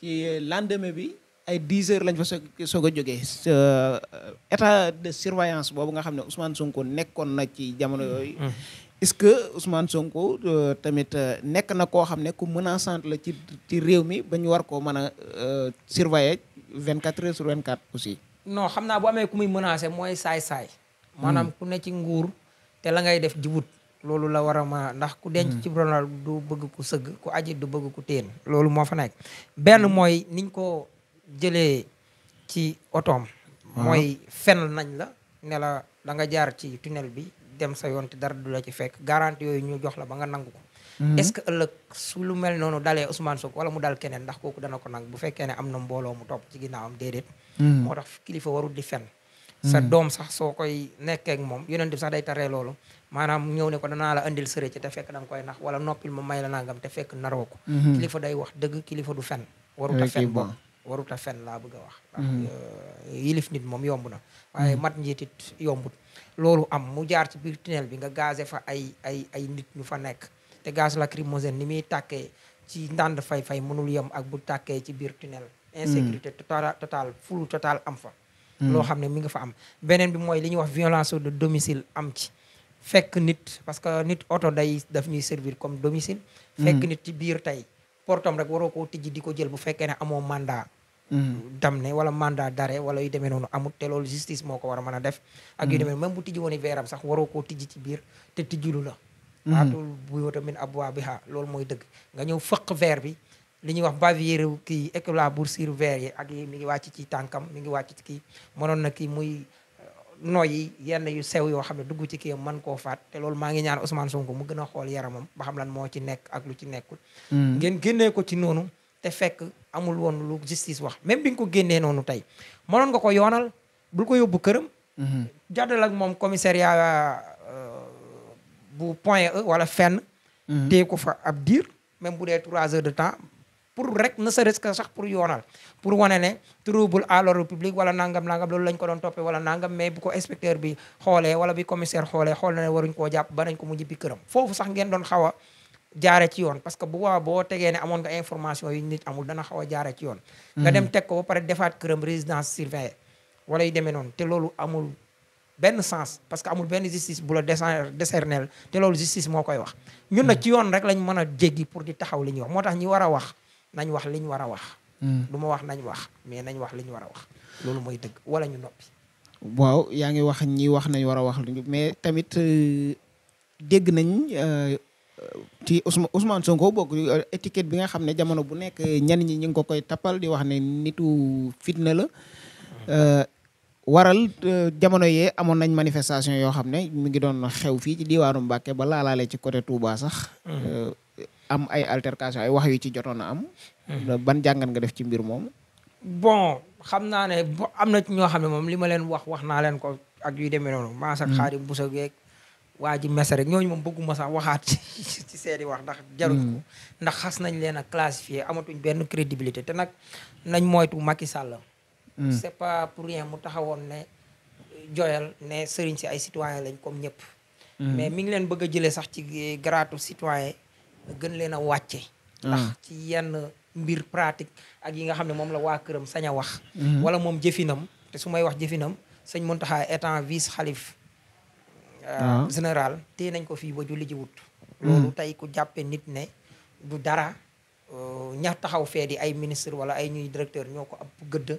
ci lendemain bi ay 10 heures lañ fa soog a jógee euh, état de surveillance boobu nga xam ne Ousmane Sonko nekkoon na ci jamono yooyu. Mhm. est-ce que Ousmane Sonko euh, tamit nekk na koo xam ne ku menaçante la ci ci réew mi bañ war koo mën a surveiller 24 heures sur 24 aussi. non xam naa bu amee ku muy menacé mooy saay-saay. maanaam ku ne ci nguur te la ngay def jibut loolu la war a ma ndax ku denc hmm. ci ronal du bëgg ku sëgg ku aji du bëgg ku téen loolu moo fa nekk benn hmm. mooy niñ ko jëlee ci otoom mooy fenn nañ la ne la da nga jaar ci tunnel bi dem sa yoon te dara du la ci fekk garanti yooyu ñu jox la ba nga nangu ko hmm. est-ce que ëllëg su lu mel noonu dalee Ousmane Sonko wala mu dal keneen ndax kooku dana ko nang bu fekkee ne am na mbooloo mu topp ci ginnaawam déedéet moo tax kilifa warul di fenn sa mm. doom sax soo koy nekkeek moom yonent bi sax day taree loolu maanaam ñëw ne ko danaa la indil sëré ci te fekk da koy nax wala noppil ma may la nangam te fekk naroo ko mm-hmm. kilifa day wax dëgg kilifa du fen waruta fen boobu waruta fen laa bëgg a wax mm-hmm. euh, yilif nit moom yomb na mm-hmm. waaye mat njiitit yombut loolu am mu jaar ci biir tunnel bi nga gazé fa ay ay ay nit ñu fa nekk te gaz lacrymogène ni muy tàkkee ci ndànd fay-fay mënul yem ak bu tàkkee ci biir tunnel mm. insécurité totale totale fulu total am fa Mm. loo xam ne mi nga fa am beneen bi mooy li ñuy wax violence de domicile am ci fekk nit parce que nit oto day daf ñuy servir comme domicile mm. fekk nit ci biir tey portom rek waroo koo tijji di ko jël bu fekkee ne amoo mandat mm. dam ne wala mandat d'arrêt wala yu demee noonu amut te loolu justice moo ko war a mën a def ak yu demee même bu tijji woon veeram sax waroo koo tijji ci biir te tijjulu la waatul buyoo tamit ab waa bi ha loolu mooy dëgg nga ñëw fëq veer bi li ñuy wax bavière kii éclaboursure vert yi ak yi mi ngi wàcc ci tànkam mi ngi wàcc ci kii mënoon na kii muy euh, noyyi yenn yu sew yoo xam ne dugg ci ki man koo faat te loolu maa ngi ñaan Ousmane Sonko mu gën a xool yaramam ba xam lan moo ci nekk ak lu ci nekkul. Hmm. ngeen génnee ko ci noonu te fekk amul woon lu justice wax même bi nga ko génnee noonu tey mënoon nga ko yoonal bul ko yóbbu këram. Hmm. jàddal ak moom commissariat euh, bu point E wala fenn. Hmm. téye ko fa ab diir même bu dee trois heures de temps pour rek ne serait-ce sax pour yoonal pour wane ne trouble à l'ordre public wala nangam nangam loolu lañ ko doon toppee wala nangam mais bu ko inspecteur bi xoolee wala bi commissaire xoolee xool na ne waruñ koo jàpp ba nañ ko mu jibbi këram foofu sax ngeen doon xaw a jaare ci yoon parce que bu waa boo tegee ne amoon nga information yi nit amul dana xaw jaare ci yoon nga hmm. dem teg ko ba pare defaat këram résidence surveillée wala yu demee noonu te loolu amul benn sens parce que amul benn justice bu la décerner te loolu justice moo koy wax ñun hmm. ci yoon rek lañ mën a jéggi pour di taxaw li ñuy wax moo tax ñi war a wax nañ wax liñ war a wax. Hmm. du ma wax nañ wax mais nañ wax liñ war a wax loolu mooy dëgg wala ñu noppi. waaw yaa ngi wax ñi wax nañ war a wax mais tamit euh, dégg nañ. Euh, ci Ousmane Sonko bokk euh, étiquette bi nga xam ne jamono bu nekk ñenn ñi ñu ngi ko koy tappal di wax ne nitu fitna la waral jamono yee amoon nañ manifestation yoo xam ne mu ngi doon xew fii ci diwaanu Mbàkke ba laalaale ci côté Touba sax hmm. am ay altercation ay wax yu ci jotoon na am. Hmm. ban jàngat nga def ci mbir moom bon xam naa ne bo am na ci ñoo xam ne moom li ma leen wax wax naa leen ko ak yu demee noonu. maas ak hmm. xaari busa geeg waa ji mes rek ñooñu moom bëgguma sax waxaat ci seeni wax ndax jaruñ ko hmm. ndax xas nañ leen a classifié amatuñ benn crédibilité te nag nañ moytu Macky Sall. c'est pas pour rien mu taxawoon ne joyal ne sëriñ si ay citoyen lañ comme ñëpp. mais mi ngi leen bëgg a jëlee sax ci garaatu citoyen gën leen a wàcce mm. ndax ci yenn mbir pratique ak yi nga xam ne moom la waa këram sañ a wax mm-hmm. wala moom jëfinam te su may wax jëfinam sëñ Mountakha étant vice xalif euh, ah. général tee nañ ko fii ba julli ji wut loolu mm. tey ku jàppee nit ne du dara euh, ña taxaw fee di ay ministre wala ay ñuy directeur ñoo ko ab gëdd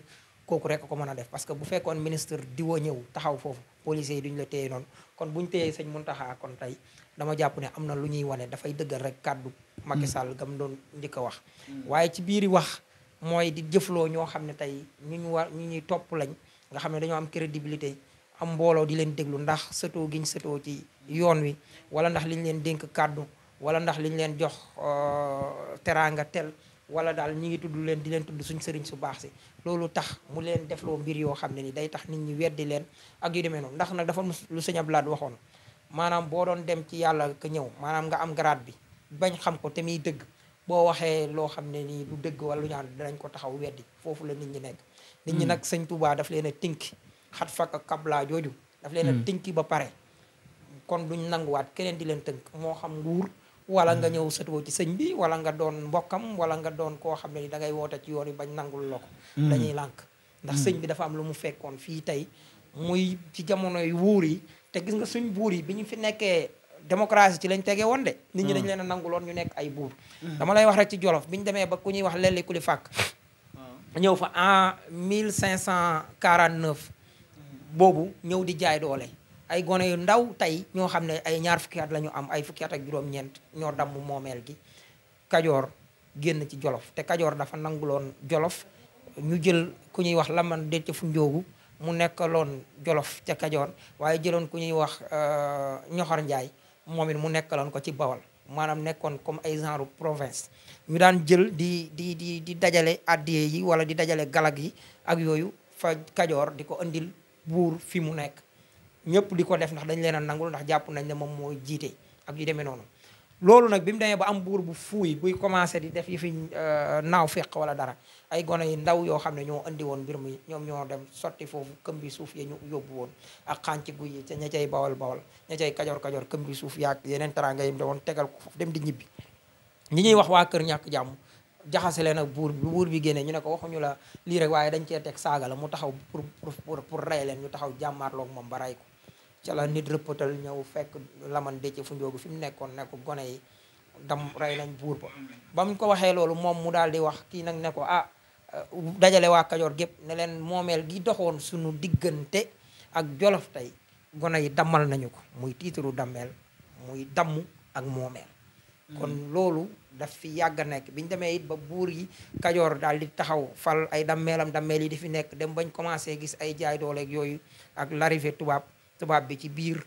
kooku rek a ko mën a def parce que bu fekkoon ministre diwa ñëw taxaw foofu policiers yi duñu la téye noonu kon buñu sañ mun taxa kon tey dama jàpp ne am na lu ñuy wane dafay dëggal rek kàddu Macky mm. Sall gam doon njëkk a wax mm. waaye ci biiri wax mooy di jëfloo ñoo xam ne tey ñu ñu war ñu ñuy topp lañ nga xam ne dañoo am crédibilité am mbooloo di leen déglu ndax sëtoo giñ sëtoo ci yoon wi wala ndax liñ leen dénk kàddu wala ndax liñ leen jox euh, teraanga tel wala daal ñi ngi tudd leen di leen tudd suñ sëriñ su baax si loolu tax mu leen def loo mbir yoo xam ne ni day tax nit ñi weddi leen ak yu demee noonu ndax nag dafa lu sëñ Abdoulaye waxoon maanaam boo doon dem ci yàlla ka ñëw maanaam nga am grade bi bañ xam ko tamiy dëgg boo waxee loo xam ne nii du dëgg wala lu ñaan danañ ko taxaw weddi foofu la nit ñi nekk nit ñi hmm. nag sëñ tubaa daf leen a tinki xat fakk kabla jooju daf leen a hmm. tinki ba pare kon duñ nanguwaat keneen di leen tënk moo xam nguur wala nga hmm. ñëw sa sëtoo ci sëñ bi wala nga doon mbokkam wala nga doon koo xam ne ni da ngay woote ci yoon yi bañ nangul la ko hmm. dañuy lànk ndax hmm. sëñ bi dafa am lu mu fekkoon fii tey muy ci jamonoy wuur yi te gis nga suñ buur yi bi ñu fi nekkee démocratie ci lañ tegee woon de nit ñi dañ leen a nanguloon ñu nekk ay buur dama lay wax rek ci jolof bi ñu demee ba ku ñuy wax lelli kuli fàkk ñëw fa en mille 1549 boobu ñëw di jaay doole ay gone yu ndaw tey ñoo xam ne ay ñaar fukki at la ñu am ay fukki at ak juróom-ñeent ñoo damm moomeel gi kajoor génn ci jolof te kajoor dafa nangu loon jolof ñu jël ku ñuy wax laman de fu njoogu mu nekkaloon jolof ca kajoor waaye jëloon ku ñuy wax ñoxor euh, njaay moom it mu nekkaloon ko ci bawal maanaam nekkoon comme ay genre province ñu daan jël di di di di dajale addiye yi wala di dajale galag yi ak yooyu fa kajoor di ko indil buur fi mu nekk ñëpp di ko def ndax dañ leen a nangul ndax jàpp nañ ne moom moo jiite ak yu demee noonu loolu nag bi mu demee ba am buur bu fuuy buy commencé di def yi fi euh, naaw feq wala dara ay gone yi ndaw yoo xam ne ñoo indi woon mbir mi ñoom ñoo dem sotti foofu këm bi suuf ya ñu yóbbu woon ak xànc gu yi te ña cay bawal bawal ña cay kajoor kajoor këm bi suuf yaag yeneen taranga yim da woon tegal ko foofu dem di ñibbi ñi ñuy wax waa kër ñàkk jàmm jaxase leen ak buur bi buur bi génnee ñu ne ko waxuñu la lii rek waaye dañ cee teg saaga la mu taxaw pour pour pour leen ñu taxaw jàmmaarloog moom ba ko ca la nit rëppatal ñëw fekk laman dëcc fu njoogu fi nekkoon ne gone yi dam rey nañ buur ba ba mu ko waxee loolu moom mu daal di wax kii nag ne ko ah euh, dajale waa kajoor gépp ne leen moomeel gi doxoon suñu diggante ak jolof tey gone yi dammal nañu ko muy tiitaru dammeel muy damm ak moomeel kon hmm. loolu daf fi yàgg a nekk bi ñu demee it ba buur yi kajoor daal di taxaw fal ay dammeelam dammeel yi di fi nekk dem bañ commencé gis ay jaay dooleeg yooyu ak l'arrivée tubaab tubaab bi ci biir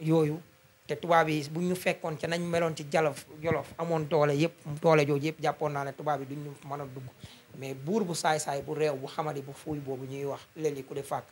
yooyu te tubaab yi bu ñu fekkoon ca nañ meloon ci jalof jolof amoon doole yëpp doole jooju yëpp jàppoon naa ne tubaab yi duñ ñu mën a dugg mais buur bu saay-saay bu réew bu xamadi bu fuuy boobu ñuy wax léegi ku de fàkk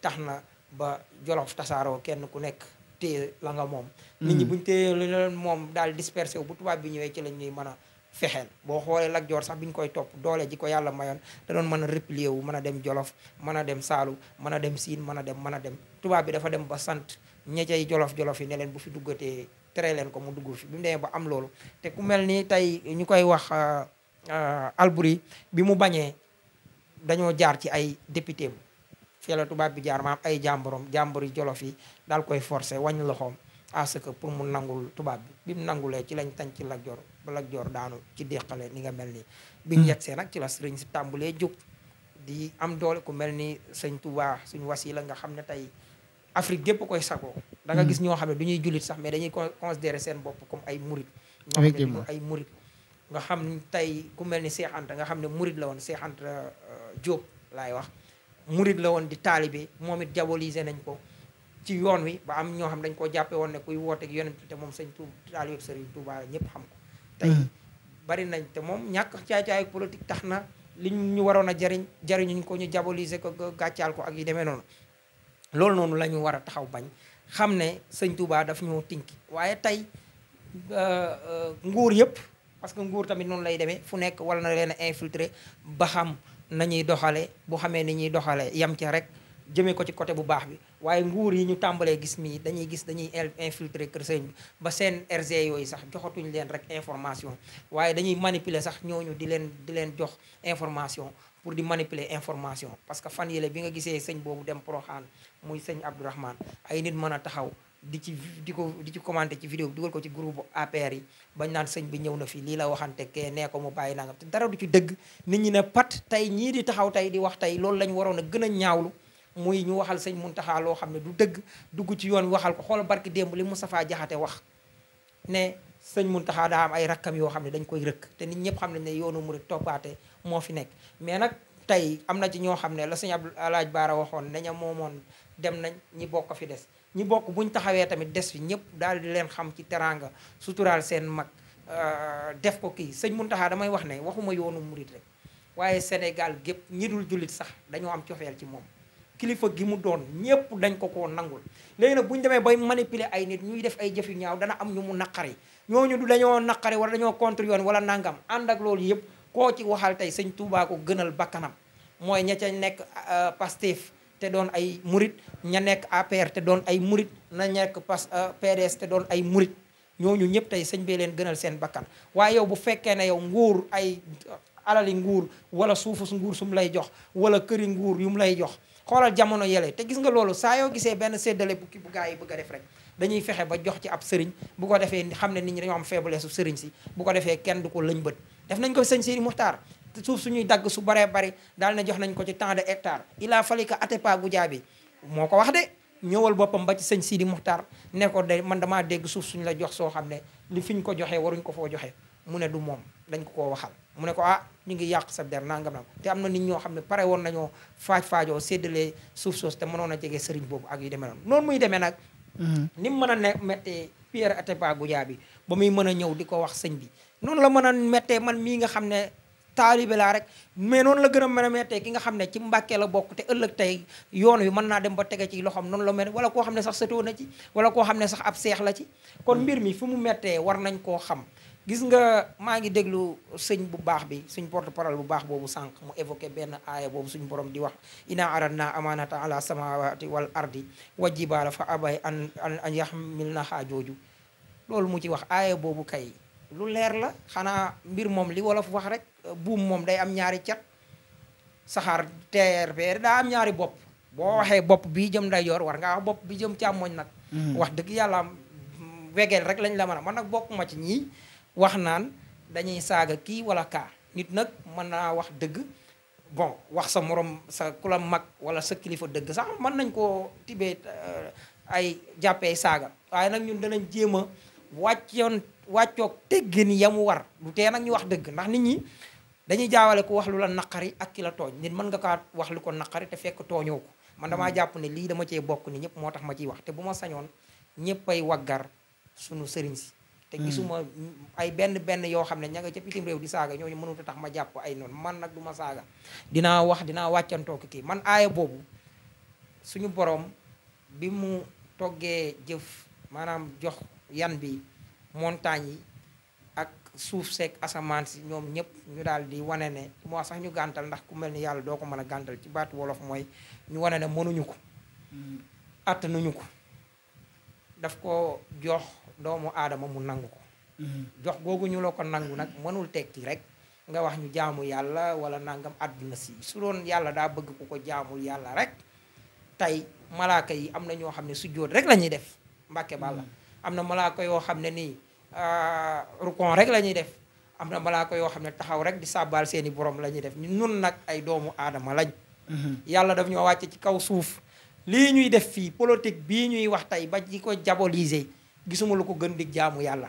tax na ba jolof tasaaroo kenn ku nekk téye la nga moom nit ñi hmm. buñ téye li moom daal dispersé wu bu tubaab bi ñëwee ci lañ ñuy mën a fexeel boo xoolee Lat Joor sax bi ñu koy topp doole ji ko yàlla mayoon da mën a réplier wu mën a dem jolof mën a dem saalu mën a dem siin mën a dem mën a dem tubaab bi dafa dem ba sant ña cay jolof-jolof yi ne leen bu fi duggatee tere leen ko mu dugg fi bi mu demee ba am loolu te ku mel ni tey ñu koy wax euh, euh, Albury bi mu bañee dañoo jaar ci ay député mu fii tubaab bi jaar maam ay jàmborom jàmbor yi jolof yi daal koy forcer wañ loxoom à que pour mu nangul tubaab bi bi mu nangulee ci lañ tañ ci Lat Joor ba Joor daanu ci déqale ni nga mel nii bi ñu hmm. yegsee nag ci la sëriñ si tàmbulee jóg di am doole ku mel ni sëñ Tuubaa suñu la nga xam ne tey Afrique gépp koy sagoo danga gis ñoo xam ne du ñuy jullit sax mais dañuy considérer seen bopp comme ay murit ñoo xam ne ay murit nga xam tey ku mel ni Cheikh nga xam ne murit la woon Cheikh Anta euh, Diop laay wax murit la woon di taalibe moom it diaboliser nañ ko ci yoon wi ba am ñoo xam dañ koo jàppee woon ne kuy wooteeg yonent te moom sëñ Tuuba taalibe Sëriñ Tuuba la ñëpp xam ko tey hmm. bari nañ te moom ñàkk caay-caay politique tax na li ñu waroon a jariñ jariñuñ ko ñu diaboliser ko gàccaal ko ak yi demee noonu loolu noonu la ñu war a taxaw bañ xam ne sëñ Touba daf ñoo tinki waaye tey euh, euh, nguur yëpp parce que nguur tamit noonu lay demee fu nekk wala na leen a ba xam nañuy doxale bu xamee ni ñuy doxale yam ca rek jëmee ko ci côté bu baax bi waaye nguur yi ñu tàmbalee gis mii dañuy gis dañuy infiltrer kër sëñ bi ba seen RG yooyu sax joxatuñ leen rek information waaye dañuy manipuler sax ñooñu di leen di leen jox information pour di manipuler information parce que fan yële bi nga gisee sëñ boobu dem Poroxaan muy sëñ Abdourahmane ay nit mën a taxaw di ci di ko di ci commenté ci vidéo bi dugal ko ci groupe APR yi bañ naan sëñ bi ñëw na fi lii la waxante kee nee ko mu bàyyi nangam te dara du ci dëgg nit ñi ne pat tey ñii di taxaw tey di wax tey loolu la ñu waroon a gën a ñaawlu muy ñu waxal sëñ Muntaxa loo xam ne du dëgg dugg ci yoon waxal ko xool barki démb li Moustapha wax ne sëñ Muntaxa daa am ay rakkam yoo xam ne dañ koy rëkk te nit ñëpp xam nañ ne yoonu murid toppaate moo fi nekk mais nag tey am na ci ñoo xam ne la sëñ Abdou Alaaj Baara waxoon naña moomoon dem nañ ñi bokk fi des ñi bokk buñ taxawee tamit des fi ñëpp daal di leen xam ci teraanga suturaal seen mag euh, def ko kii sëñ Muntaxa damay wax ne waxuma yoonu murit rek waaye Sénégal gépp ñi dul jullit sax dañoo am cofeel ci moom kilifa gi mu doon ñëpp dañ ko koo nangul léegi nag bu ñu demee bay manipuler ay nit ñuy def ay jëf yu ñaaw dana am ñu mu naqari ñooñu du dañoo naqari wala dañoo contre yoon wala nangam ànd ak loolu yëpp koo ci waxal tey sëñ Tuubaa ko gënal bakkanam mooy ña ca nekk euh, Pastef te doon ay murit ña nekk APR te doon ay murit na nekk pas euh, PDS te doon ay murit ñooñu ñëpp tey sëñ bee leen gënal seen bakkan waaye yow bu fekkee ne yow nguur ay euh, alali nguur wala suufu nguur su mu lay jox wala këri nguur yu mu lay jox xoolal jamono yele te gis nga loolu saa yoo gisee benn séddale bu ki bu gaa yi bëgg a def rek dañuy fexe ba jox ci ab sëriñ bu ko defee xam ne nit ñi dañoo am faiblesse su sëriñ si bu ko defee kenn du ko lëñ bët def nañ ko sëñ Sidi Muxtaar suuf suñuy dagg su baree bari daal na jox nañ ko ci temps de hectare il a fallu que Atepa Goudiaby moo ko wax de ñëwal boppam ba ci sëñ Sidi Muxtaar ne ko de man damaa dégg suuf suñu la jox soo xam ne li fi ñu ko joxee waruñ ko foo joxe mu ne du moom dañ ko koo waxal mu ne ko ah ñu ngi yàq sa der nangam nag te am na nit ñoo xam ne pare woon nañoo faaj faajoo séddalee suuf soos te manoon a jege sëriñ boobu ak yu demee noonu muy demee nag mm-hmm. ni mu mën a ne méttee Pierre Atepa Goudiaby ba muy mën a ñëw di ko wax sëñ bi a ne taalibe laa rek mais noonu la gën a mën a mettee ki nga xam ne ci mbàkkee la bokk te ëllëg tey yoon wi mën naa dem ba tege ci loxoom noonu la mel wala koo xam ne sax sëtoo na ci wala koo xam ne ab seex la ci kon mbir mi fu mu mettee war nañ koo xam gis nga maa ngi déglu sëñ bu baax bi suñ porte parole bu baax boobu sànq mu évoqué benn aaya boobu suñ borom di wax ina aradna amanata ala samawati wal ardi wa jibaala fa abay an an mil na nahaa jooju loolu mu ci wax aaya boobu kay lu leer la xanaa mbir moom li wolof wax rek euh, buum moom day am ñaari cat saxaar TRV daa am ñaari bopp boo waxee bopp bi jëm ndeyjoor war nga wax bopp bi jëm càmmoñ nag mm. wax dëgg yàlla wegeel rek lañ la mën a man nag bokk ci ñii wax naan dañuy saaga kii wala kaa nit nag mën naa wax dëgg bon wax sa moroom sa ku mag wala sa kilifa dëgg sax mën nañ koo tibee euh, ay jàppee saaga waaye nag ñun danañ jéem a wàccoon wàccoog teggin ya mu war lu tee nag ñu wax dëgg ndax nit ñi dañuy jaawale ko wax lu la naqari ak ki la tooñ nit mën nga kaa wax lu ko naqari te fekk tooñoo ko man damaa jàpp ne lii dama cee bokk ni ñëpp moo tax ma ciy wax bu ma sañoon ñëppay waggar sunu sëriñ si te hmm. gisuma ay benn benn yoo xam ne ña nga ca bitim réew di saaga ñooñu mënut a tax ma jàpp ay noonu man nag du ma saaga dinaa wax dinaa wàccantoo kii man aaya boobu suñu boroom bi mu toggee jëf maanaam jox yan bi montagne yi ak suuf seeg asamaan si ñoom ñëpp ñu daal di wane ne moo sax ñu gàntal ndax ku mel ni yàlla doo ko mën a gàntal ci baatu wolof mooy ñu wane ne mënuñu ko mm-hmm. nuñu ko daf ko jox doomu aadama mu nangu ko mm-hmm. jox googu ñu la ko nangu nag mënul tekki rek nga wax ñu jaamu yàlla wala nangam àdduna si su doon yàlla daa bëgg ku ko jaamul yàlla rek tey malaaka yi am na ñoo xam ne su sujjóot rek lañuy def mbàkke bàlla mm-hmm. am na malaaka yoo xam ne nii Euh, rukon rek la ñuy def am na malaaka yoo xam ne taxaw rek di sàbbaal seeni borom la ñuy def ñu nun nag ay doomu aadama lañ mhm. yàlla daf ñoo wàcce ci kaw suuf lii ñuy def fii politique bii ñuy wax tey ba di ko diaboliser gisuma lu ko gën di jaamu yàlla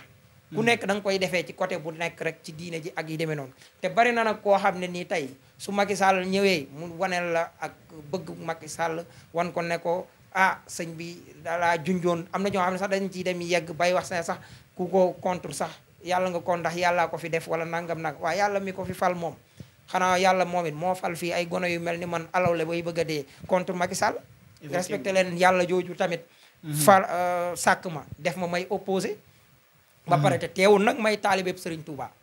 ku mhm. nekk da nga koy defee ci côté bu nekk rek ci diine ji ak yi demee noonu te bari na nag koo xam ne nii tey su Macky Sall ñëwee mu waneel la ak bëgg Macky sàll wan ko ne ko ah sëñ bi dalaa junjoon am na ñoo xam ne sax dañ ciy dem yegg bay wax ne sax ku ko contre sax yàlla nga ko ndax yàllaa ko fi def wala nangam nag waaye yàlla mi ko fi fal moom xanaa yàlla moom it moo fal fii ay gone yu mel ni man alaw la bay bëgg a dee contre Macky Sall respecté leen yàlla jooju tamit mhm. fal euh, sàkk ma def ma may opposé ba mhm. pare te teewul nag may taalibeb Serigne Touba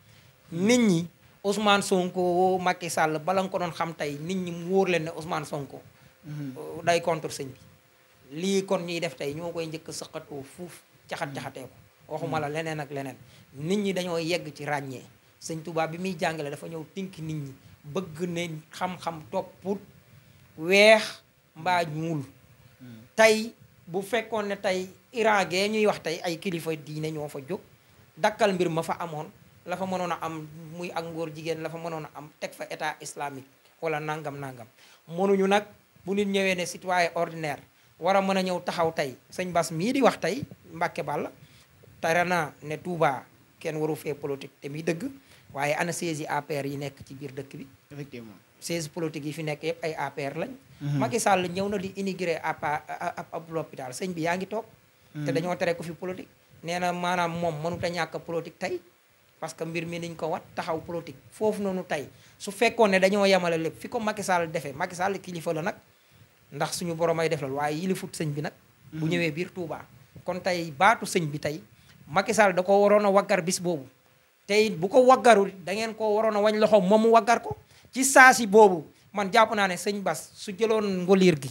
nit ñi Ousmane Sonko Macky Sall bala nga ko doon xam tey nit ñi mu wóor leen ne Ousmane Sonko mhm. euh, day contre sëñ bi lii kon ñuy def tey ñoo koy njëkk sëqatoo fuuf caxat-caxatee waxuma la leneen ak leneen nit ñi dañoo yegg ci ràññee sëñ tubaab bi muy jàngale dafa ñëw tinki nit ñi bëgg ne xam-xam topput weex mbaa ñuul tey bu fekkoon ne tey Iran ñuy wax tey ay kilifa diine ñoo fa jóg dakkal mbir ma fa amoon la fa mënoon a am muy ak ngóor jigéen la fa mënoon a am teg fa état islamique wala nangam nangam mënuñu nag bu nit ñëwee ne citoyen ordinaire war a mën a ñëw taxaw tey sëñ Bass mii di wax tey Mbàkke Bàll na ne Touba kenn waru fee politique te muy dëgg waaye ana 16 APR yi nekk ci biir dëkk bi. effectivement 16 politique yi fi nekk yëpp ay APR lañ. Mhm. Macky Sall ñëw na di inaugurer ab ab l'hôpital sëñ bi yaa ngi toog. Mhm. te dañoo tere ko fi politique. nee na maanaam moom mënut a ñàkk politique tey parce que mbir mi niñ ko wat taxaw politique foofu noonu tey su fekkoon ne dañoo yemale lépp fi ko Macky Sall defee Macky Sall kilifa la nag ndax suñu borom ay def la waaye yilifut sëñ bi nag. bu mhm. ñëwee biir Touba kon tey baatu sëñ bi tey. Macky Sall da ko waroon a waggar bis boobu te it bu ko waggarul da ngeen ko waroon a wañ loxo moom mu waggar ko ci saasi boobu man jàpp naa ne sëñ Bas su jëloon ngoliir gi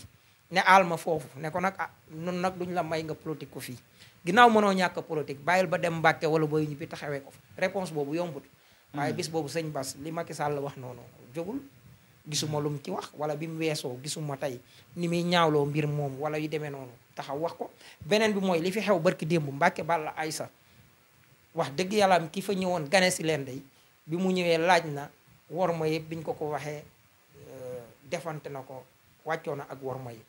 ne aal ma foofu ne ko nag ah nun nag duñ la may nga politique ko fii ginnaaw mënoo ñàkk politique bàyyil ba dem Mbàkke wala ba ñu bi taxawee ko fa réponse boobu yombut hmm. waaye bis boobu sëñ Bas li Macky la wax noonu jógul gisuma lum ci wax wala bi mu weesoo gisuma tey ni muy ñaawloo mbir moom wala yu demee noonu taxaw wax ko beneen bi mooy li fi xew barki démb Mbàkke ay Aysa wax dëgg yàlla am ki fa ñëwoon gane si leen day bi mu ñëwee laaj na war ma bi biñ ko ko waxee euh, defante na ko wàccoo na ak war yi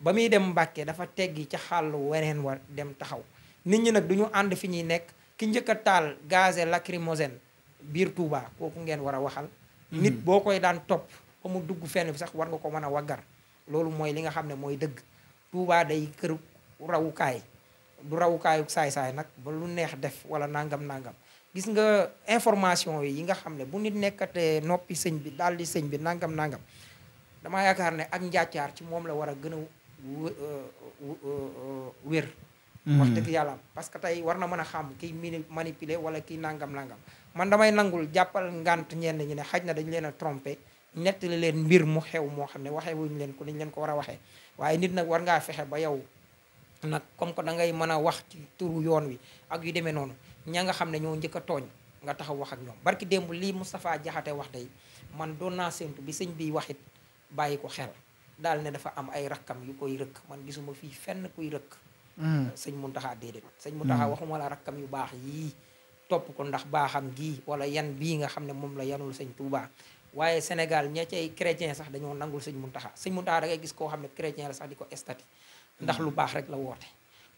ba muy dem Mbàkke dafa teggi ca xàll weneen wa dem taxaw nit ñi nag du ñu ànd fi ñuy nekk ki njëkk a taal gaze lacrymogène biir tuubaa kooku ngeen war a waxal hmm. nit boo koy daan topp ba mu dugg fenn bi sax war nga ko mën a waggar loolu mooy li nga xam ne mooy dëgg Touba day këru rawukaay du rawukaayu saay-saay nag ba lu neex def wala nangam nangam gis nga information yi nga xam ne bu nit nekkatee noppi sëñ bi daal di sëñ bi nangam nangam damaa yaakaar ne ak njàccaar ci moom la war a gën a wér hmm. wax dëgg yàlla parce que tey war na mën a xam kiy mini manipuler wala kiy nangam nangam man damay nangul jàppal ngant ñenn ñi ne xaj na dañ leen a trompé nettali leen mbir mu xew moo xam ne waxee leen ko niñ leen ko war a waxee waaye nit nag war ngaa fexe ba yow nag comme que da ngay mën a wax ci turu yoon wi ak yu demee noonu ña nga xam ne ñoo njëkk a tooñ nga taxaw wax ak ñoom barki démb lii Moustapha Diakhaté wax tey man doon naa séntu bi sëñ bi waxit bàyyi ko xel daal ne dafa am ay rakkam yu koy rëkk man gisuma fii fenn kuy rëkk hmm. sëñ mun Mountakha déedéet sëñ Mountakha hmm. waxuma la rakkam yu baax yii topp ko ndax baaxam gii wala yan bii nga xam ne moom la yanul sëñ Touba waaye Sénégal ña cay chrétien sax dañoo nangul sëñ Muntaxa sëñ Muntaxa da ngay gis koo xam ne chrétien la sax di ko estati ndax lu baax rek la woote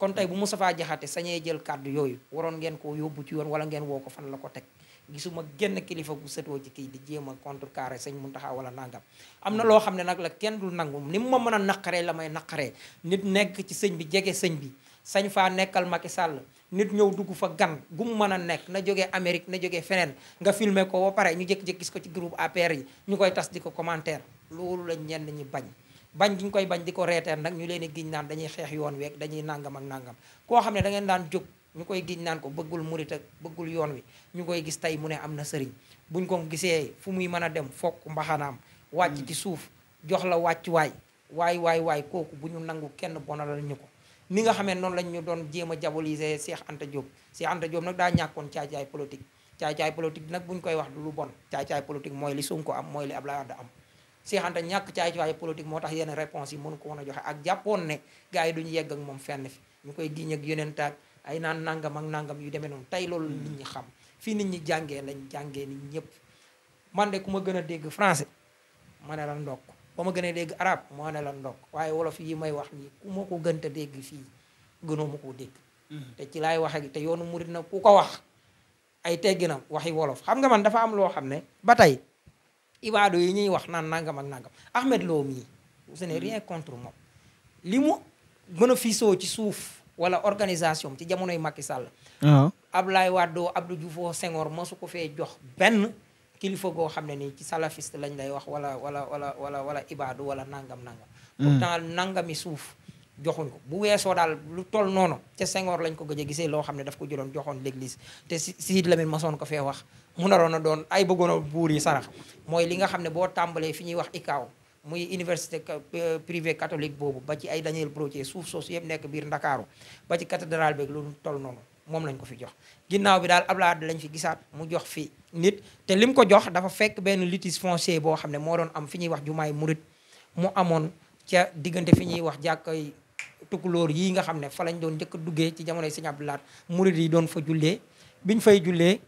kon tey bu Moustapha Jaxate sañee jël kàddu yooyu waroon ngeen ko yóbbu ci yoon wala ngeen woo ko fan la ko teg gisuma genn kilifa gu setoo ci kii di jéem a contrecarrer sëñ Muntaxa wala nangam am na loo xam ne nag la kenn dul nangu ni mu ma mën a naqaree la may naqaree nit nekk ci sëñ bi jege sëñ bi sañ faa nekkal Macky sàll nit ñëw dugg fa gan gu mu mën a nekk na jóge Amérique na jóge feneen nga filmer ko ba pare ñu jékki-jékki gis ko ci groupe APR yi ñu koy tas di ko commentaire loolu lañ ñeen ñi bañ bañ gi ñu koy bañ di ko reeteer nag ñu leen di giñ naan dañuy xeex yoon week dañuy nangam ak nangam koo xam ne da ngeen daan jóg ñu koy giñ naan ko bëggul murit ak bëggul yoon wi ñu koy gis tey mu ne am na sëriñ buñ ko gisee fu muy mën a dem fokk mbaxanaam wàcc ci suuf jox la wàcc waay waay waay kooku bu ñu nangu kenn bonalal ñu ko ni nga xamee noonu lañ ñu doon jéema a diaboliser Cheikh Anta Diop Cheikh Anta Diop nag daa ñàkkoon caay-caay politique caay-caay politique koy wax du lu bon caay-caay mooy li Sonko am mooy li am Cheikh Anta ñàkk caay-caay politique moo tax yenn réponse yi mënu ko woon a joxe ak jàppoon ne gars yi duñu yegg ak moom fenn fi ñu koy giñ ak yeneen taag ay naan nangam ak nangam yu demee noonu tey loolu nit ñi xam fii nit ñi jàngee lañ jàngee nit ñëpp man de ku ma gën a dégg français ma ne la ndokk ba ma gën a dégg arab moo ne la ndokk waaye wolof yi may wax nii ku ma ko gënta dégg fii gënoo ma koo dégg hmm. te ci laay waxe te yoonu murit na ku ko wax ay tegginam waxi wolof xam nga man dafa am loo xam ne ba tey ibaado yi ñuy wax naan nangam ak nangam Ahmed Lo mii ce hmm. rien contre moom li mu mën a fiisoo ci suuf wala organisation ci jamonoy Macky Sall ah. Abdoulaye Wade Abdou Diouf Senghor mosu ko fee jox benn kilifa goo xam ne nii ci salafiste lañ lay wax wala wala wala wala wala ibaadu wala nangam nangam. Mm. pourtant suuf joxuñ ko bu weesoo daal lu toll noonu ca Senghor lañ ko gëj a gisee loo xam ne daf ko jëloon joxoon l'église te si Sidy Lamine masoon ko fee wax mu naroon a doon ay bëggoon buur yi sarax mooy li nga xam ne boo tàmbalee fi ñuy wax ICAO muy université euh, privée catholique boobu ba ci ay Daniel Brottier suuf soosu yëpp nekk biir Ndakaaru ba ci cathédrale beeg lu toll noonu. moom lañ ko fi jox ginnaaw bi daal Abdoulaye lañ fi gisaat mu jox fi nit te lim ko jox dafa fekk benn litige foncier boo xam ne moo doon am fi ñuy wax jumaay murit mu amoon ca diggante fi ñuy wax jàkkoy tukulóor yii nga xam ne fa lañ doon njëkk a duggee ci jamonoy sëñ Abdoulaye yi doon fa jullee biñ fay jullee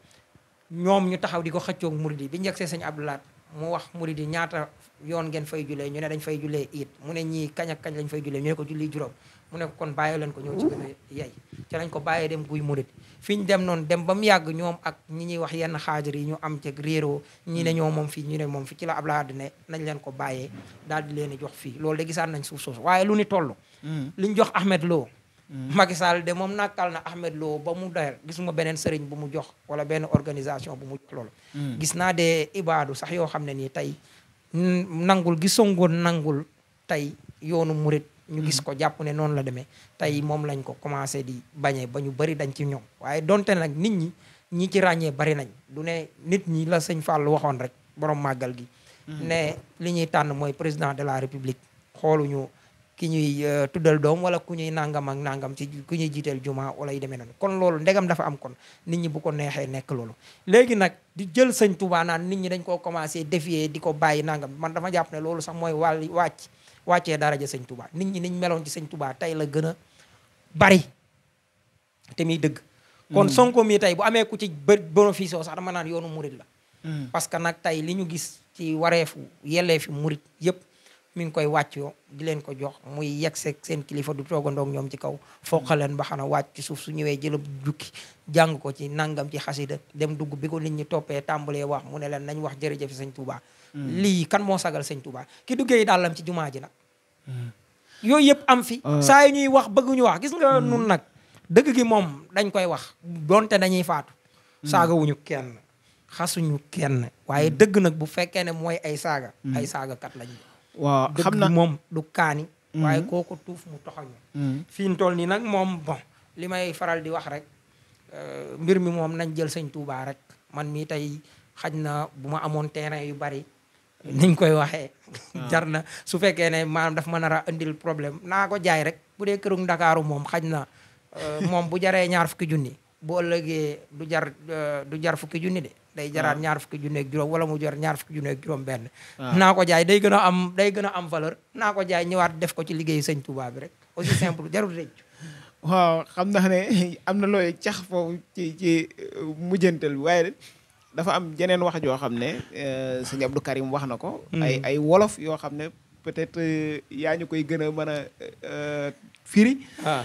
ñoom ñu taxaw di ko xëccoog murit yi biñ yegsee sëñ Abdoulaye mu wax murit yi ñaata yoon ngeen fay jullee ñu ne dañ fay jullee it mu ne ñii kañ ak kañ lañ fay jullee ñooy ko julli juróom mu ne ko kon bàyyi leen ko ñëw ci gën yey ci lañ ko bàyyee dem guy murit fi ñu dem noonu dem ba mu yàgg ñoom ak ñi ñuy wax yenn xaajar yi ñu am ceeg réeroo ñi ne ñoo moom fii ñu ne moom fii ci la Abdoulaye Wade ne nañ leen ko bàyyee daal di leen jox fii loolu de gisaan nañ suuf soosu waaye lu ni toll mm. liñ jox Ahmed Lo mm. Macky Sall de moom nàkkal na Ahmed ba mu doyal gisuma beneen sëriñ bu mu jox wala benn organisation bu mu jox loolu mm. gis naa de ibaadu sax yoo xam ne nii tey nangul gi songoon nangul tey yoonu murit ñu gis ko jàpp ne noonu la demee tey moom lañ ko commencé di bañee ba ñu bëri dañ ci ñoom waaye donte nag nit ñi ñi ci ràññee bari nañ du ne nit ñi la sëñ lu waxoon rek borom màggal gi mm-hmm. ne li ñuy tànn mooy président de la république xooluñu ki ñuy euh, tuddal doom wala ku ñuy nangam ak nangam ci ku ñuy jiiteel juma wala demee noonu kon loolu ndegam dafa am kon nit ñi bu ko neexee nekk loolu léegi nag di jël sëñ Tuubaa naan nit ñi dañ koo commencé défier di ko bàyyi nangam man dama jàpp ne loolu sax mooy wàll wàcc wàccee daraja sëñ tubaa nit ñi niñ meloon ci sëñ tubaa tey la gën a bari te muy dëgg kon mm. sonko mii tey bu amee ku ci bénéfice sax dama naan yoonu murit la mm. parce que nag tey li ñu gis ci wareefu yelleefi murit yëpp mi ngi koy wàccoo di leen ko jox muy yegg seeg seen kilifa du toogandoog ñoom ci kaw foqaleen ba xana wàcc ci suuf su ñëwee jëlab jukki jàng ko ci nangam ci xasida dem dugg bi ko nit ñi toppee tàmbalee wax mu ne leen nañ wax jërëjëf sëñ Touba. Hmm. lii kan moo sagal sëñ Touba ki duggee dàllam ci jumaa ji nag hmm. yooyu yëpp am fi ah. saa yu ñuy wax bëgguñu wax gis nga hmm. nun nag dëgg gi moom dañ koy wax donte dañuy faatu saagawuñu kenn xasuñu kenn waaye dëgg nag bu fekkee ne mooy ay saaga ay saagakat lañu waaw xam na moom du kaani mm-hmm. waaye kooko tuuf mu toxal ñu mm-hmm. fi ñu toll nii nag moom li may faral di wax rek euh, mbir mi moom nañ jël sëñ rek man mii tey xaj na bu ma amoon terrain yu bari mm-hmm. niñ koy waxee ah. jar na su fekkee ne maanaam daf ma nar a indil problème naa ko jaay rek bu dee këru ndakaaru moom xaj na euh, moom bu jaree ñaar fukki junni bu ëllëgee du jar euh, du jar fukki junni de day jaraat ñaar fukki junne ak juróom wala mu jar ñaar fukki junne ak juróom benn ah. naa ko jaay day gën a am day gën a am valeur naa ko jaay ñëwaat def ko ci liggéey sëñ Touba rek aussi simple jarul rëcc waaw xam naa ne na looy cax foofu ci ci euh, mujjantal bi waaye dafa am jeneen wax joo xam ne euh, sëñ Abdou Karim wax na ko hmm. ay wolof yoo xam ne peut-être euh, yaa ñu koy gën a mën a firi ah.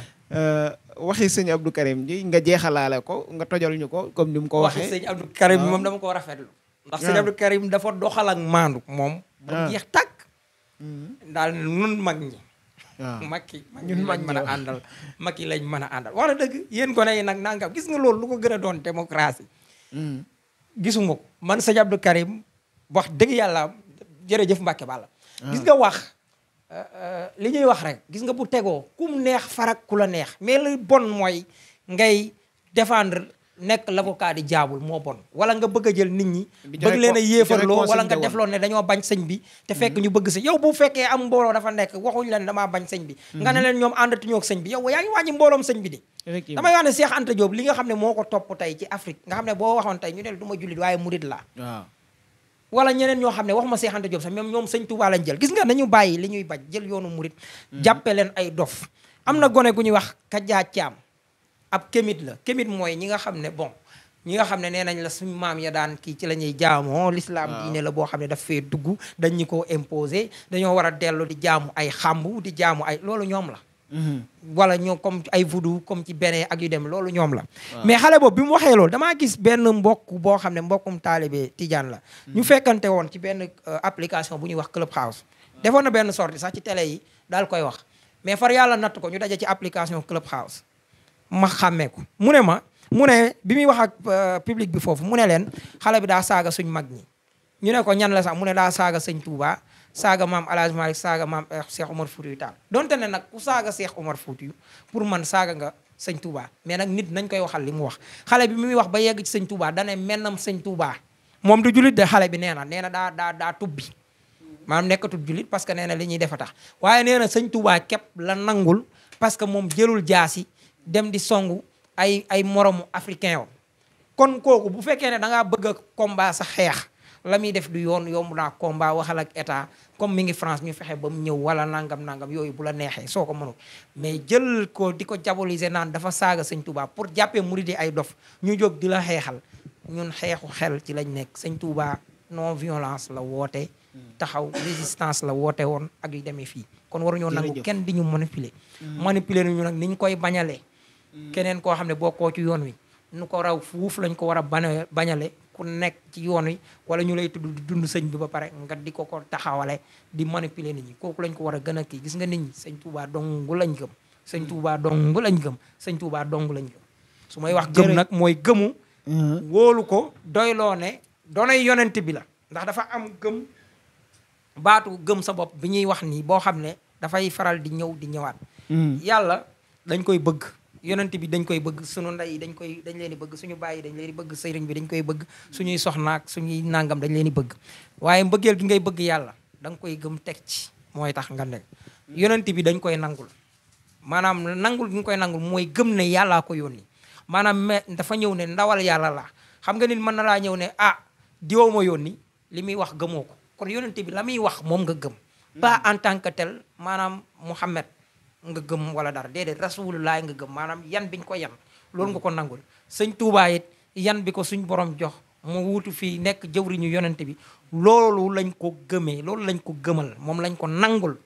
waxi sëñ Abdou Karim ji nga jeexalaale ko nga tojal ñu ko comme ni mu ko waxee. waxi sëñ Abdou Karim ah. moom dama ko rafetlu. ndax sëñ ah. Abdou Karim dafa doxal ak maandu moom. ba ah. jeex tàkk. Mm-hmm. daal nun mag ñi. waaw ki ñun mag mën a àndal makki lañ mën a àndal wax na dëgg yéen gone yi nag nangam gis nga loolu lu ko gën a doon démocratie. Mm. gisuma ko man sëñ Abdou Karim wax dëgg yàlla jërëjëf Mbacke Balla. gis nga wax li ñuy wax rek gis nga bu tegoo kum neex farak ku la neex mais li bon mooy ngay défendre nekk kaa di jaabul moo bon wala nga bëgg a jël nit ñi bëgg leen a yéefarloo wala nga defloo ne dañoo bañ sëñ bi te fekk mm-hmm. ñu bëgg sëñ yow bu fekkee am mbooloo dafa nekk waxuñu leen damaa bañ sëñ bi mm-hmm. nga ne leen ñoom àndatuñoo ak bi yow yaa ngi wàññi mbooloom sëñ bi di Anta Diop li nga xam ne moo ko topp tey ci Afrique nga xam ne boo waxoon tey ñu ne du ma jullit waaye murid laa wala ñeneen ñoo xam ne waxuma Cheikh Anta Diop sax même ñoom sëñ Touba lañ jël gis nga nañu bàyyi li ñuy bañ jël yoonu murit mm-hmm. jàppe leen ay dof am na gone gu ñuy wax kajaa caam ab kémit la kémit mooy ñi nga xam ne bon ñi nga xam ne nee nañ la suñu maam ya daan kii ci la ñuy jaamoo lislaam diine la boo xam ne daf fee dugg dañ ko koo imposé dañoo war a dellu di jaamu ay xàmbu di jaamu ay loolu ñoom la Mm-hmm. wala ñoo comme ay voodoo comme ci benee ak yu dem loolu ñoom la mais xale boobu bi mu waxee loolu damaa gis benn mbokk boo xam ne mbokkum taalibe tijaan la mm-hmm. ñu fekkante woon ci benn euh, application bu ñuy wax Clubhouse ah. defoon na benn sortie sax ci tele yi daal koy wax mais far yàlla natt ko ñu daje ci application Clubhouse ma xàmmee ko mu ne ma mu ne bi muy wax ak euh, public bi foofu mu ne leen xale bi daa saaga suñ mag ñi ñu ne ko ñan la sax mu ne daa saaga sëñ Touba saaga maam El Hadj Malick saaga maam eh, Cheikh Omar Foutiyu Taal donte ne nag ku saaga Cheikh Omar Foutiyu pour man saaga nga sëñ Touba mais nag nit nañ koy waxal li mu wax xale bi muy wax ba yegg ci sëñ Touba dane mennam sëñ Touba moom du julit de xale bi nee na nee na daa daa daa tubbi maanaam nekkatul julit parce que nee na li ñuy defa tax waaye nee na sëñ Touba képp la nangul parce que moom jëlul jaasi dem di songu ay ay moromu africain woon kon kooku bu fekkee ne da ngaa sa xeex la muy def du yoon yomb naa combat waxal ak état comme mi ngi France ñu fexe ba mu ñëw wala nangam nangam yooyu bu la neexee soo ko mënul mais jël ko di ko diaboliser naan dafa saaga sëñ Touba pour jàppee mu muridi ay dof ñu jóg di la xeexal ñun xeexu xel ci lañ nekk sëñ Touba non violence la woote taxaw résistance la woote woon ak yi demee fii kon waruñoo nangu kenn di ñu manipuler mm-hmm. manipuler ñu nag ni ñu koy bañalee mm-hmm. keneen koo xam ne bokkoo ci yoon wi nu ko raw fuuf lañ ko war a bañale ku nekk ci yoon wi wala ñu lay tudd di dund sëñ bi ba pare nga di ko ko taxawale di manipuler nit ñi kooku lañ ko war a gën a kii gis nga nit ñi sëñ Touba dong lañ gëm sëñ Touba dong lañ gëm sëñ Touba dong lañ gëm su may wax gëm nag mooy gëmu uh-huh. wóolu ko doyloo ne doonay yonent bi la ndax dafa am gëm baatu gëm sa bopp bi ñuy wax nii boo xam ne dafay faral di ñëw di ñëwaat hmm. yàlla dañ koy bëgg yonent bi dañ koy bëgg suñu ndey dañ koy dañ leen di bëgg suñu bàyyi dañ leeni bëgg sëriñ bi dañ koy bëgg suñuy soxnaak suñuy nàngam dañ leen di bëgg waaye mbëggeel gi ngay bëgg yàlla danga koy gëm teg ci mooy tax nga ne yonent bi dañ koy nangul maanaam nangul gi koy nangul mooy gëm ne yàllaa ko yónni maanaam mais dafa ñëw ne ndawal yàlla laa xam nga nit mën na laa ñëw ne ah diwoo ma yónni li muy wax gëmoo ko kon yonent bi la muy wax moom nga gëm pas en que tel maanaam Muhammad nga gëm wala dara déedéet rasulullah nga gëm maanaam yan biñ ko yan loolu nga ko nangul sëñ Tuubaa it yan bi ko suñ borom jox mu wutu fii nekk jëwriñu yonente bi loolu lañ ko gëmee loolu lañ ko gëmal moom lañ ko nangul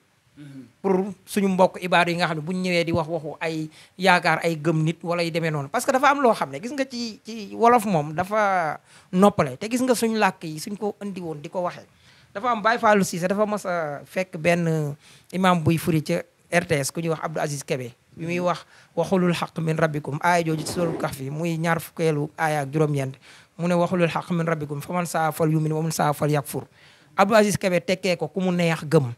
pour suñu mbokk ibaadu yi nga xam ne buñ ñëwee di wax waxu ay yaakaar ay gëm nit wala yu demee noonu parce que dafa am loo xam ne gis nga ci ci wolof moom dafa noppale te gis nga suñ làkk yi suñ ko indi woon di ko waxee dafa am Baay Faalu Siise dafa mas a fekk benn imam buy furi RTS ku ñuy wax Abdou Aziz Kebe bi muy wax waxulul xaq min rabbikum aaya jooju suratul kahfi muy ñaar fukkeelu aaya ak juróom-ñeent mu ne waxulul xaq min rabbikum fa man saa fal yumin wa man saa fal yakfur Abdou Aziz Kebe tekkee ko ku mu neex gëm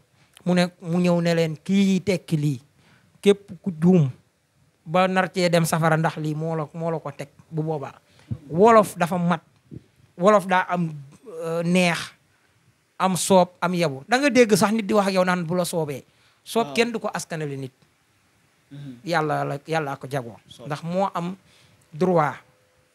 mu ne mu ñëw ne leen kii tekki lii képp ku juum ba nar cee dem safara ndax lii moo moo la ko teg bu boobaa wolof dafa mat wolof daa am euh, neex am soob am yebu da nga sax nit di wax ak yow naan bu la soob kenn du ko askanale nit mm-hmm. yàlla la yàllaa ko jagoo ndax moo am droit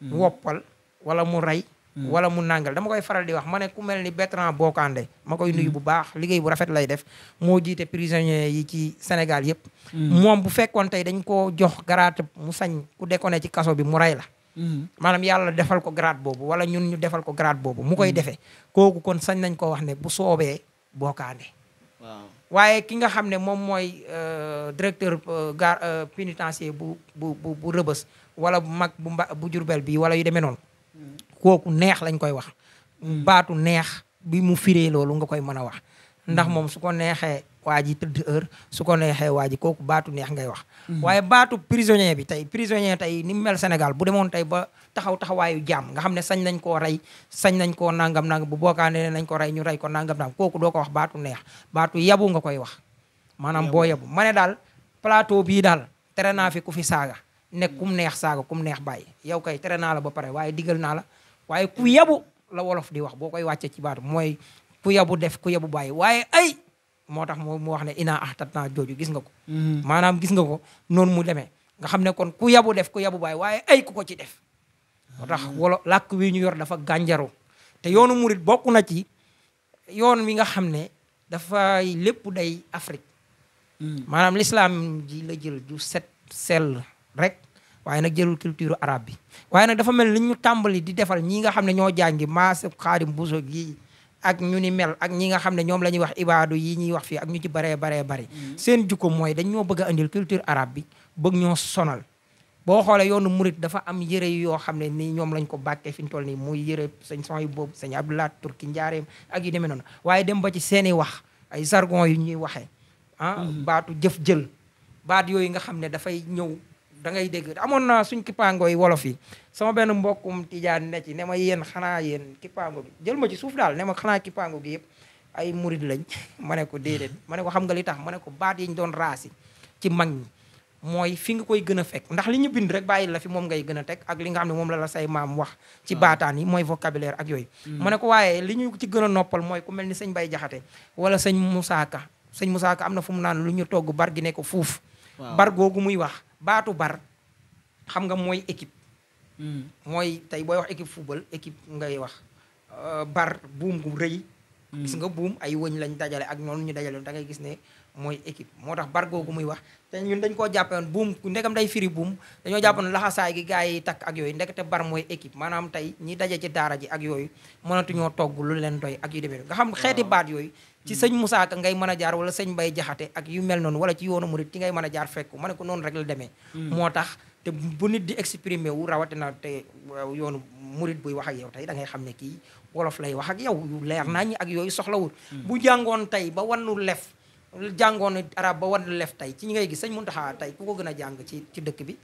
mm-hmm. woppal wala mu rey mm-hmm. wala mu nàngal dama koy faral di wax ma ne ku mel ni Bertrand Bokandé ma koy nuyu bu baax liggéey bu rafet lay def moo jiite prisonniers yi ci Sénégal yëpp moom bu fekkoon tey dañ ko jox garaat mu sañ ku déconné ci kaso bi mu rey la maanaam yàlla defal ko grade boobu wala ñun ñu defal ko grade boobu mu koy defee kooku kon sañ nañ ko wax ne bu soobee Bokandé waaw waaye ki nga xam ne moom mooy euh, directeur euh, gare euh, pénitencier bu bu bu rëbës wala bu mag bu mba bu jurbel bi wala yu demee noonu mm. kooku neex lañ koy wax mm. baatu neex bi mu firee loolu nga koy mën a wax ndax hmm. moom su ko neexee waa ji tëdd heure su ko neexee waaji kooku baatu neex ngay wax. Hmm. waaye baatu prisonnier bi tey prisonnier tey ni mu mel Sénégal bu demoon tey ba taxaw taxawaayu jaam nga xam ne sañ nañ koo rey sañ nañ koo nangam nangam bu bokkaane ne nañ ko rey ñu rey ko nangam nangam kooku doo ko wax baatu neex baatu yabu nga koy wax. maanaam boo yabu ma ne daal plateau bii daal tere naa fi ku fi saaga nekk kum neex saaga kum neex bàyyi yow kay tere naa la ba pare waaye digal naa la waaye ku yabu la wolof di wax boo koy wàccee ci baatu mooy ku yabu def ku yabu baay waaye ay moo tax moo mu wax ne inaa axtat naa jooju gis nga ko mm-hmm. maanaam gis nga ko noonu mu demee nga xam ne kon ku yabu def ku yabu baay waaye ay ku ko ci def moo tax ah. wolo làkk wii ñu yor dafa gànjaru te yoonu murit bokk na ci yoon mi nga xam ne dafa lépp day Afrique mm. maanaam lislaam ji la jël ju set sell rek waaye nag jëlul culture arabe bi waaye nag dafa mel ni ñu tàmbali di defal ñii nga xam ne ñoo jàngi maas xaadim buso gi ak ñu ni mel ak ñi nga xam ne ñoom la ñuy wax ibaadu yi ñuy wax fii ak ñu ci baree baree bari seen jukko mooy dañ ñoo bëgg a indil culture arabe bi bëgg ñoo sonal boo xoolee yoonu murit dafa am yëre yoo xam ne ni ñoom lañ ko bàkkee fi ñu toll nii muy yëre sañ son yu boobu sañ abdoulat turki njaareem ak yu demee noonu waaye dem ba ci seeni wax ay jargon yu ñuy waxee ah, mm-hmm. baatu jëf jël baat yooyu nga xam ne dafay ñëw da ngay dégg amoon na suñ kippaango yi wolof yi sama benn mbokkum tiijaan ne ci ne ma yéen xanaa yéen kippaango gi jël ma ci suuf daal ne ma xanaa kippaango gi yëpp ay murid lañ ma ne ko déedéet ma ne ko xam nga li tax ma ne ko baat yi ñu doon raasi ci mag ñi mooy fi nga koy gën a fekk ndax li ñu bind rek bàyyi la fi moom ngay gën a teg ak li nga xam ne moom la la say maam wax ci ah. baataan yi mooy vocabulaire ak yooyu hmm. ma ne ko waaye li ñu ci gën a noppal mooy ku mel ni sëñ Bay Jaxate wala sëñ Musaa Ka sëñ Musaa Ka am na fu mu naan lu ñu togg bar gi ne ko fuuf bar googu muy wax baatu bar xam nga mooy équipe hmm. mooy tey booy wax équipe football équipe ngay wax euh, bar buum gu rëy hmm. gis nga buum ay wëñ lañ dajale ak noonu ñu dajale da ngay gis ne mooy équipe moo tax bar googu muy wax te ñun dañ koo jàppoon buum ndegam day firi buum dañoo jàppoon laxasaay gi gars yi takk ak yooyu ndekete bar mooy équipe maanaam tey ñi daje ci daara ji ak yooyu mënatuñoo togg lu leen doy ak yu demee nga xam xeeti baat yooyu ci sëñ Moussa Ka ngay mën a jaar wala sëñ Bay Jaxate ak yu mel noonu wala ci yoonu murit ti ngay mën a jaar fekku ma ne ko noonu rek la demee hmm. moo tax te bu nit di exprimer wu rawatina te yoonu murit buy wax ak yow tey da ngay xam ne kii wolof lay wax ak yow yu leer hmm. nañ ak yooyu soxlawul hmm. bu jàngoon tey ba wannu lef jàngoon arab ba wannu lef tey ci ñi ngay gis sëñ Muntaxa tey ku ko gën a jàng ci ci dëkk bi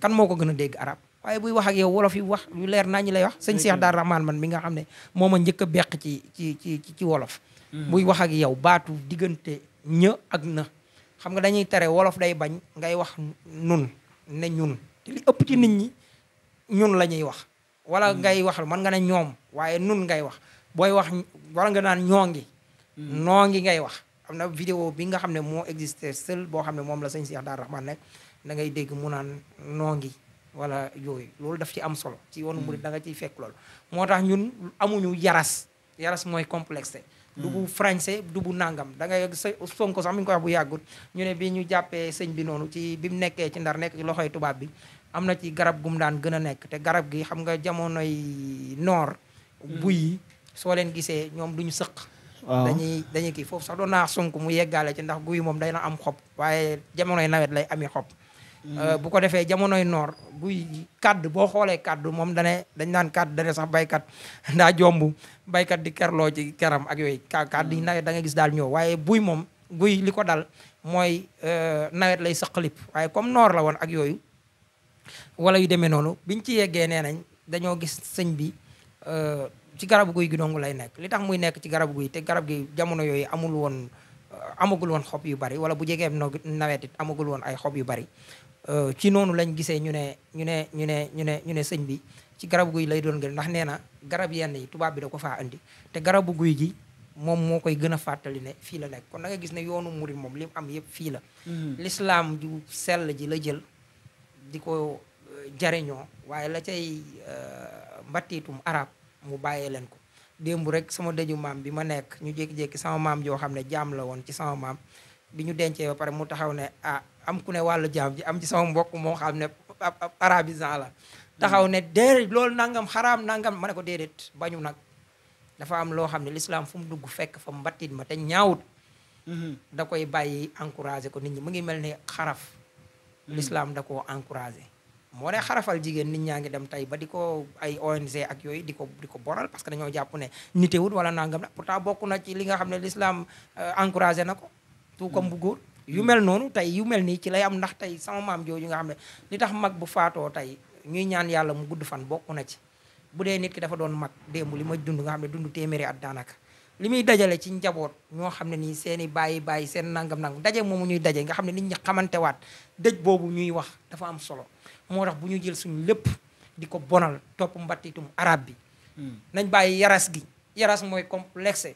kan moo ko gën a dégg arab waaye buy wax ak yow wolof yi wax lu leer naa ñi lay wax sëñ Cheikh Dar Rahman man mi nga xam ne moom a njëkk a beq ci ci ci ci wolof Mm. buy wax ak yow baatu diggante ñë ak na xam nga dañuy tere wolof day bañ ngay wax nun ne ñun te ëpp ci nit ñi ñun la ñuy wax wala mm. ngay wax man nga ne ñoom waaye nun ngay wax booy wax wala nga naan ñoo ngi mm. noo ngi ngay wax am na vidéo bi nga xam ne moo existé seul boo xam ne moom la sëñ Cheikh Daar Rahman nekk da ngay dégg mu naan noo ngi wala yooyu loolu daf ci am solo ci yoonu murid da nga ciy fekk lool moo tax ñun amuñu yaras yaras mooy complexe du bu français du bu nangam da ngay Sonko sax mi koy wax bu yàggul ñu ne bi ñu jàppee sëñ bi noonu ci bi mu nekkee ci ndar nekk ci loxoy tubaab bi am na ci garab gum daan gën a nekk te garab gi xam nga jamonoy noor hmm. bu yi soo leen gisee ñoom duñu sëq ah. dañuy dañuy kii foofu sax doon naax Sonko mu yeggaale ci ndax guy moom day na am xob waaye jamonoy nawet lay ami xob Euh, bu ko defee jamonoy noor guy kaddu boo xoolee kaddu moom dana dañ naan kaddu dane sax baykat ndaa jomb baykat di kerloo ji keram ak yooyu kaddu yi nawet da nga gis daal ñëw waaye buy moom buy li ko dal mooy euh, nawet lay saqalip waaye comme noor la woon ak yooyu wala yu demee noonu biñ ci yeggee nee nañ dañoo gis sëñ bi euh, ci garabu guy gi dong lay nekk li tax muy nekk ci garabu guy te garab gi jamono yooyu amul woon amagul woon xob yu bari wala bu jegeem no nawet it amagul woon ay xob yu bari Euh, ci noonu lañ gisee ñu ne ñu ne ñu ne ñu ne ñu ne sëñ bi ci garabu guy lay doon gën ndax nee na garab yenn yi tubaab bi da ko faa indi te garabu guy ji moom moo koy gën a fàttali ne fii la nekk kon nag nga gis ne yoonu murid moom li mu am yëpp fii la mm-hmm. lislaam ju sell ji la jël di ko euh, jariñoo waaye la cay euh, mbattiitum arab mu bàyyee leen ko démb rek sama dëju maam bi ma nekk ñu jékki-jékki sama maam joo xam ne jaam la woon ci sama maam bi ñu dencee pare mu taxaw ne ah am ku ne wàllu jaam ji am ci sama mbokk moo xam ne arabisan la taxaw ne déedéet loolu nangam xaraam nangam ma ne ko déedéet bañu nag dafa am loo xam ne lislaam fu mu dugg fekk fa mbattit ma te ñaawut mhm. da koy bàyyi encouragé ko nit ñi mu ngi mel ni xaraf mhm. l'islam da koo encouragé moo ne xarafal jigéen nit ñaa ngi dem tey ba di ko ay ONG ak yooyu di ko di ko boral parce que dañoo jàpp ne nitewut wala nangam la pourtant bokk na ci li nga xam ne l'islam euh, encouragé na ko tout comme bu yu mm. mel noonu tey yu mel nii ci lay am ndax tey sama maam jooju nga xam ne li tax mag bu faatoo tey ñuy ñaan yàlla mu gudd fan bokk na ci bu dee nit ki dafa doon mag démb li ma dund nga dund téeméeri at daanaka li muy dajale ci njaboot ñoo xam ne nii seen i bàyyi bàyyi seen nangam nangam daje moomu ñuy daje nga xam ne nit ñi xamante waat dëj boobu ñuy wax dafa am solo moo tax bu ñu jël suñu lépp di ko bonal topp mbattitum arab bi mm. nañ bàyyi yaras gi yaras mooy complexe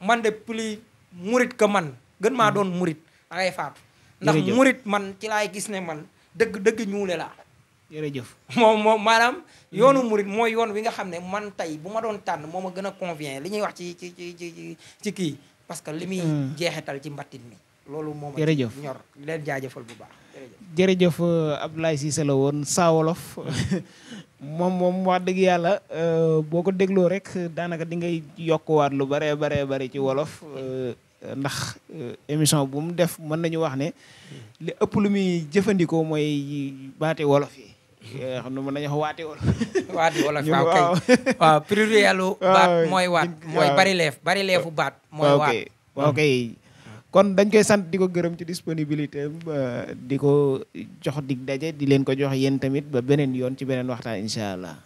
man de plus murit que man gën maa hmm. doon murit da ngay faatu ndax murit man ci laay gis ne man dëgg dëgg ñuule laa jërëjëf moom moom maanaam hmm. yoonu murit mooy yoon wi nga xam ne man tey bu ma doon tànn moo ma gën a convient li ñuy wax ci ci ci ci ci kii parce que li muy hmm. jeexital ci mbattit mi loolu moo ma ñor leen jaajëfal bu baax jërëjëf euh, Abdoulaye Cissé la woon saawolof moom moom wax dëgg yàlla euh, boo ko dégloo rek daanaka di ngay yokkuwaat lu baree baree bari ci wolof euh, ndax euh, émission bu mu def mën nañu wax ne li ëpp lu muy jëfandikoo mooy baate wolof yi. xam ne mën nañu wax waate wolof. waate wolof waaw kay baat mooy waat mooy bari leef bari leefu baat mooy waat waaw kon dañ koy sant di ko gërëm ci disponibilité am di ko jox dig daje di leen ko jox yéen tamit ba beneen yoon ci beneen waxtaan incha allah.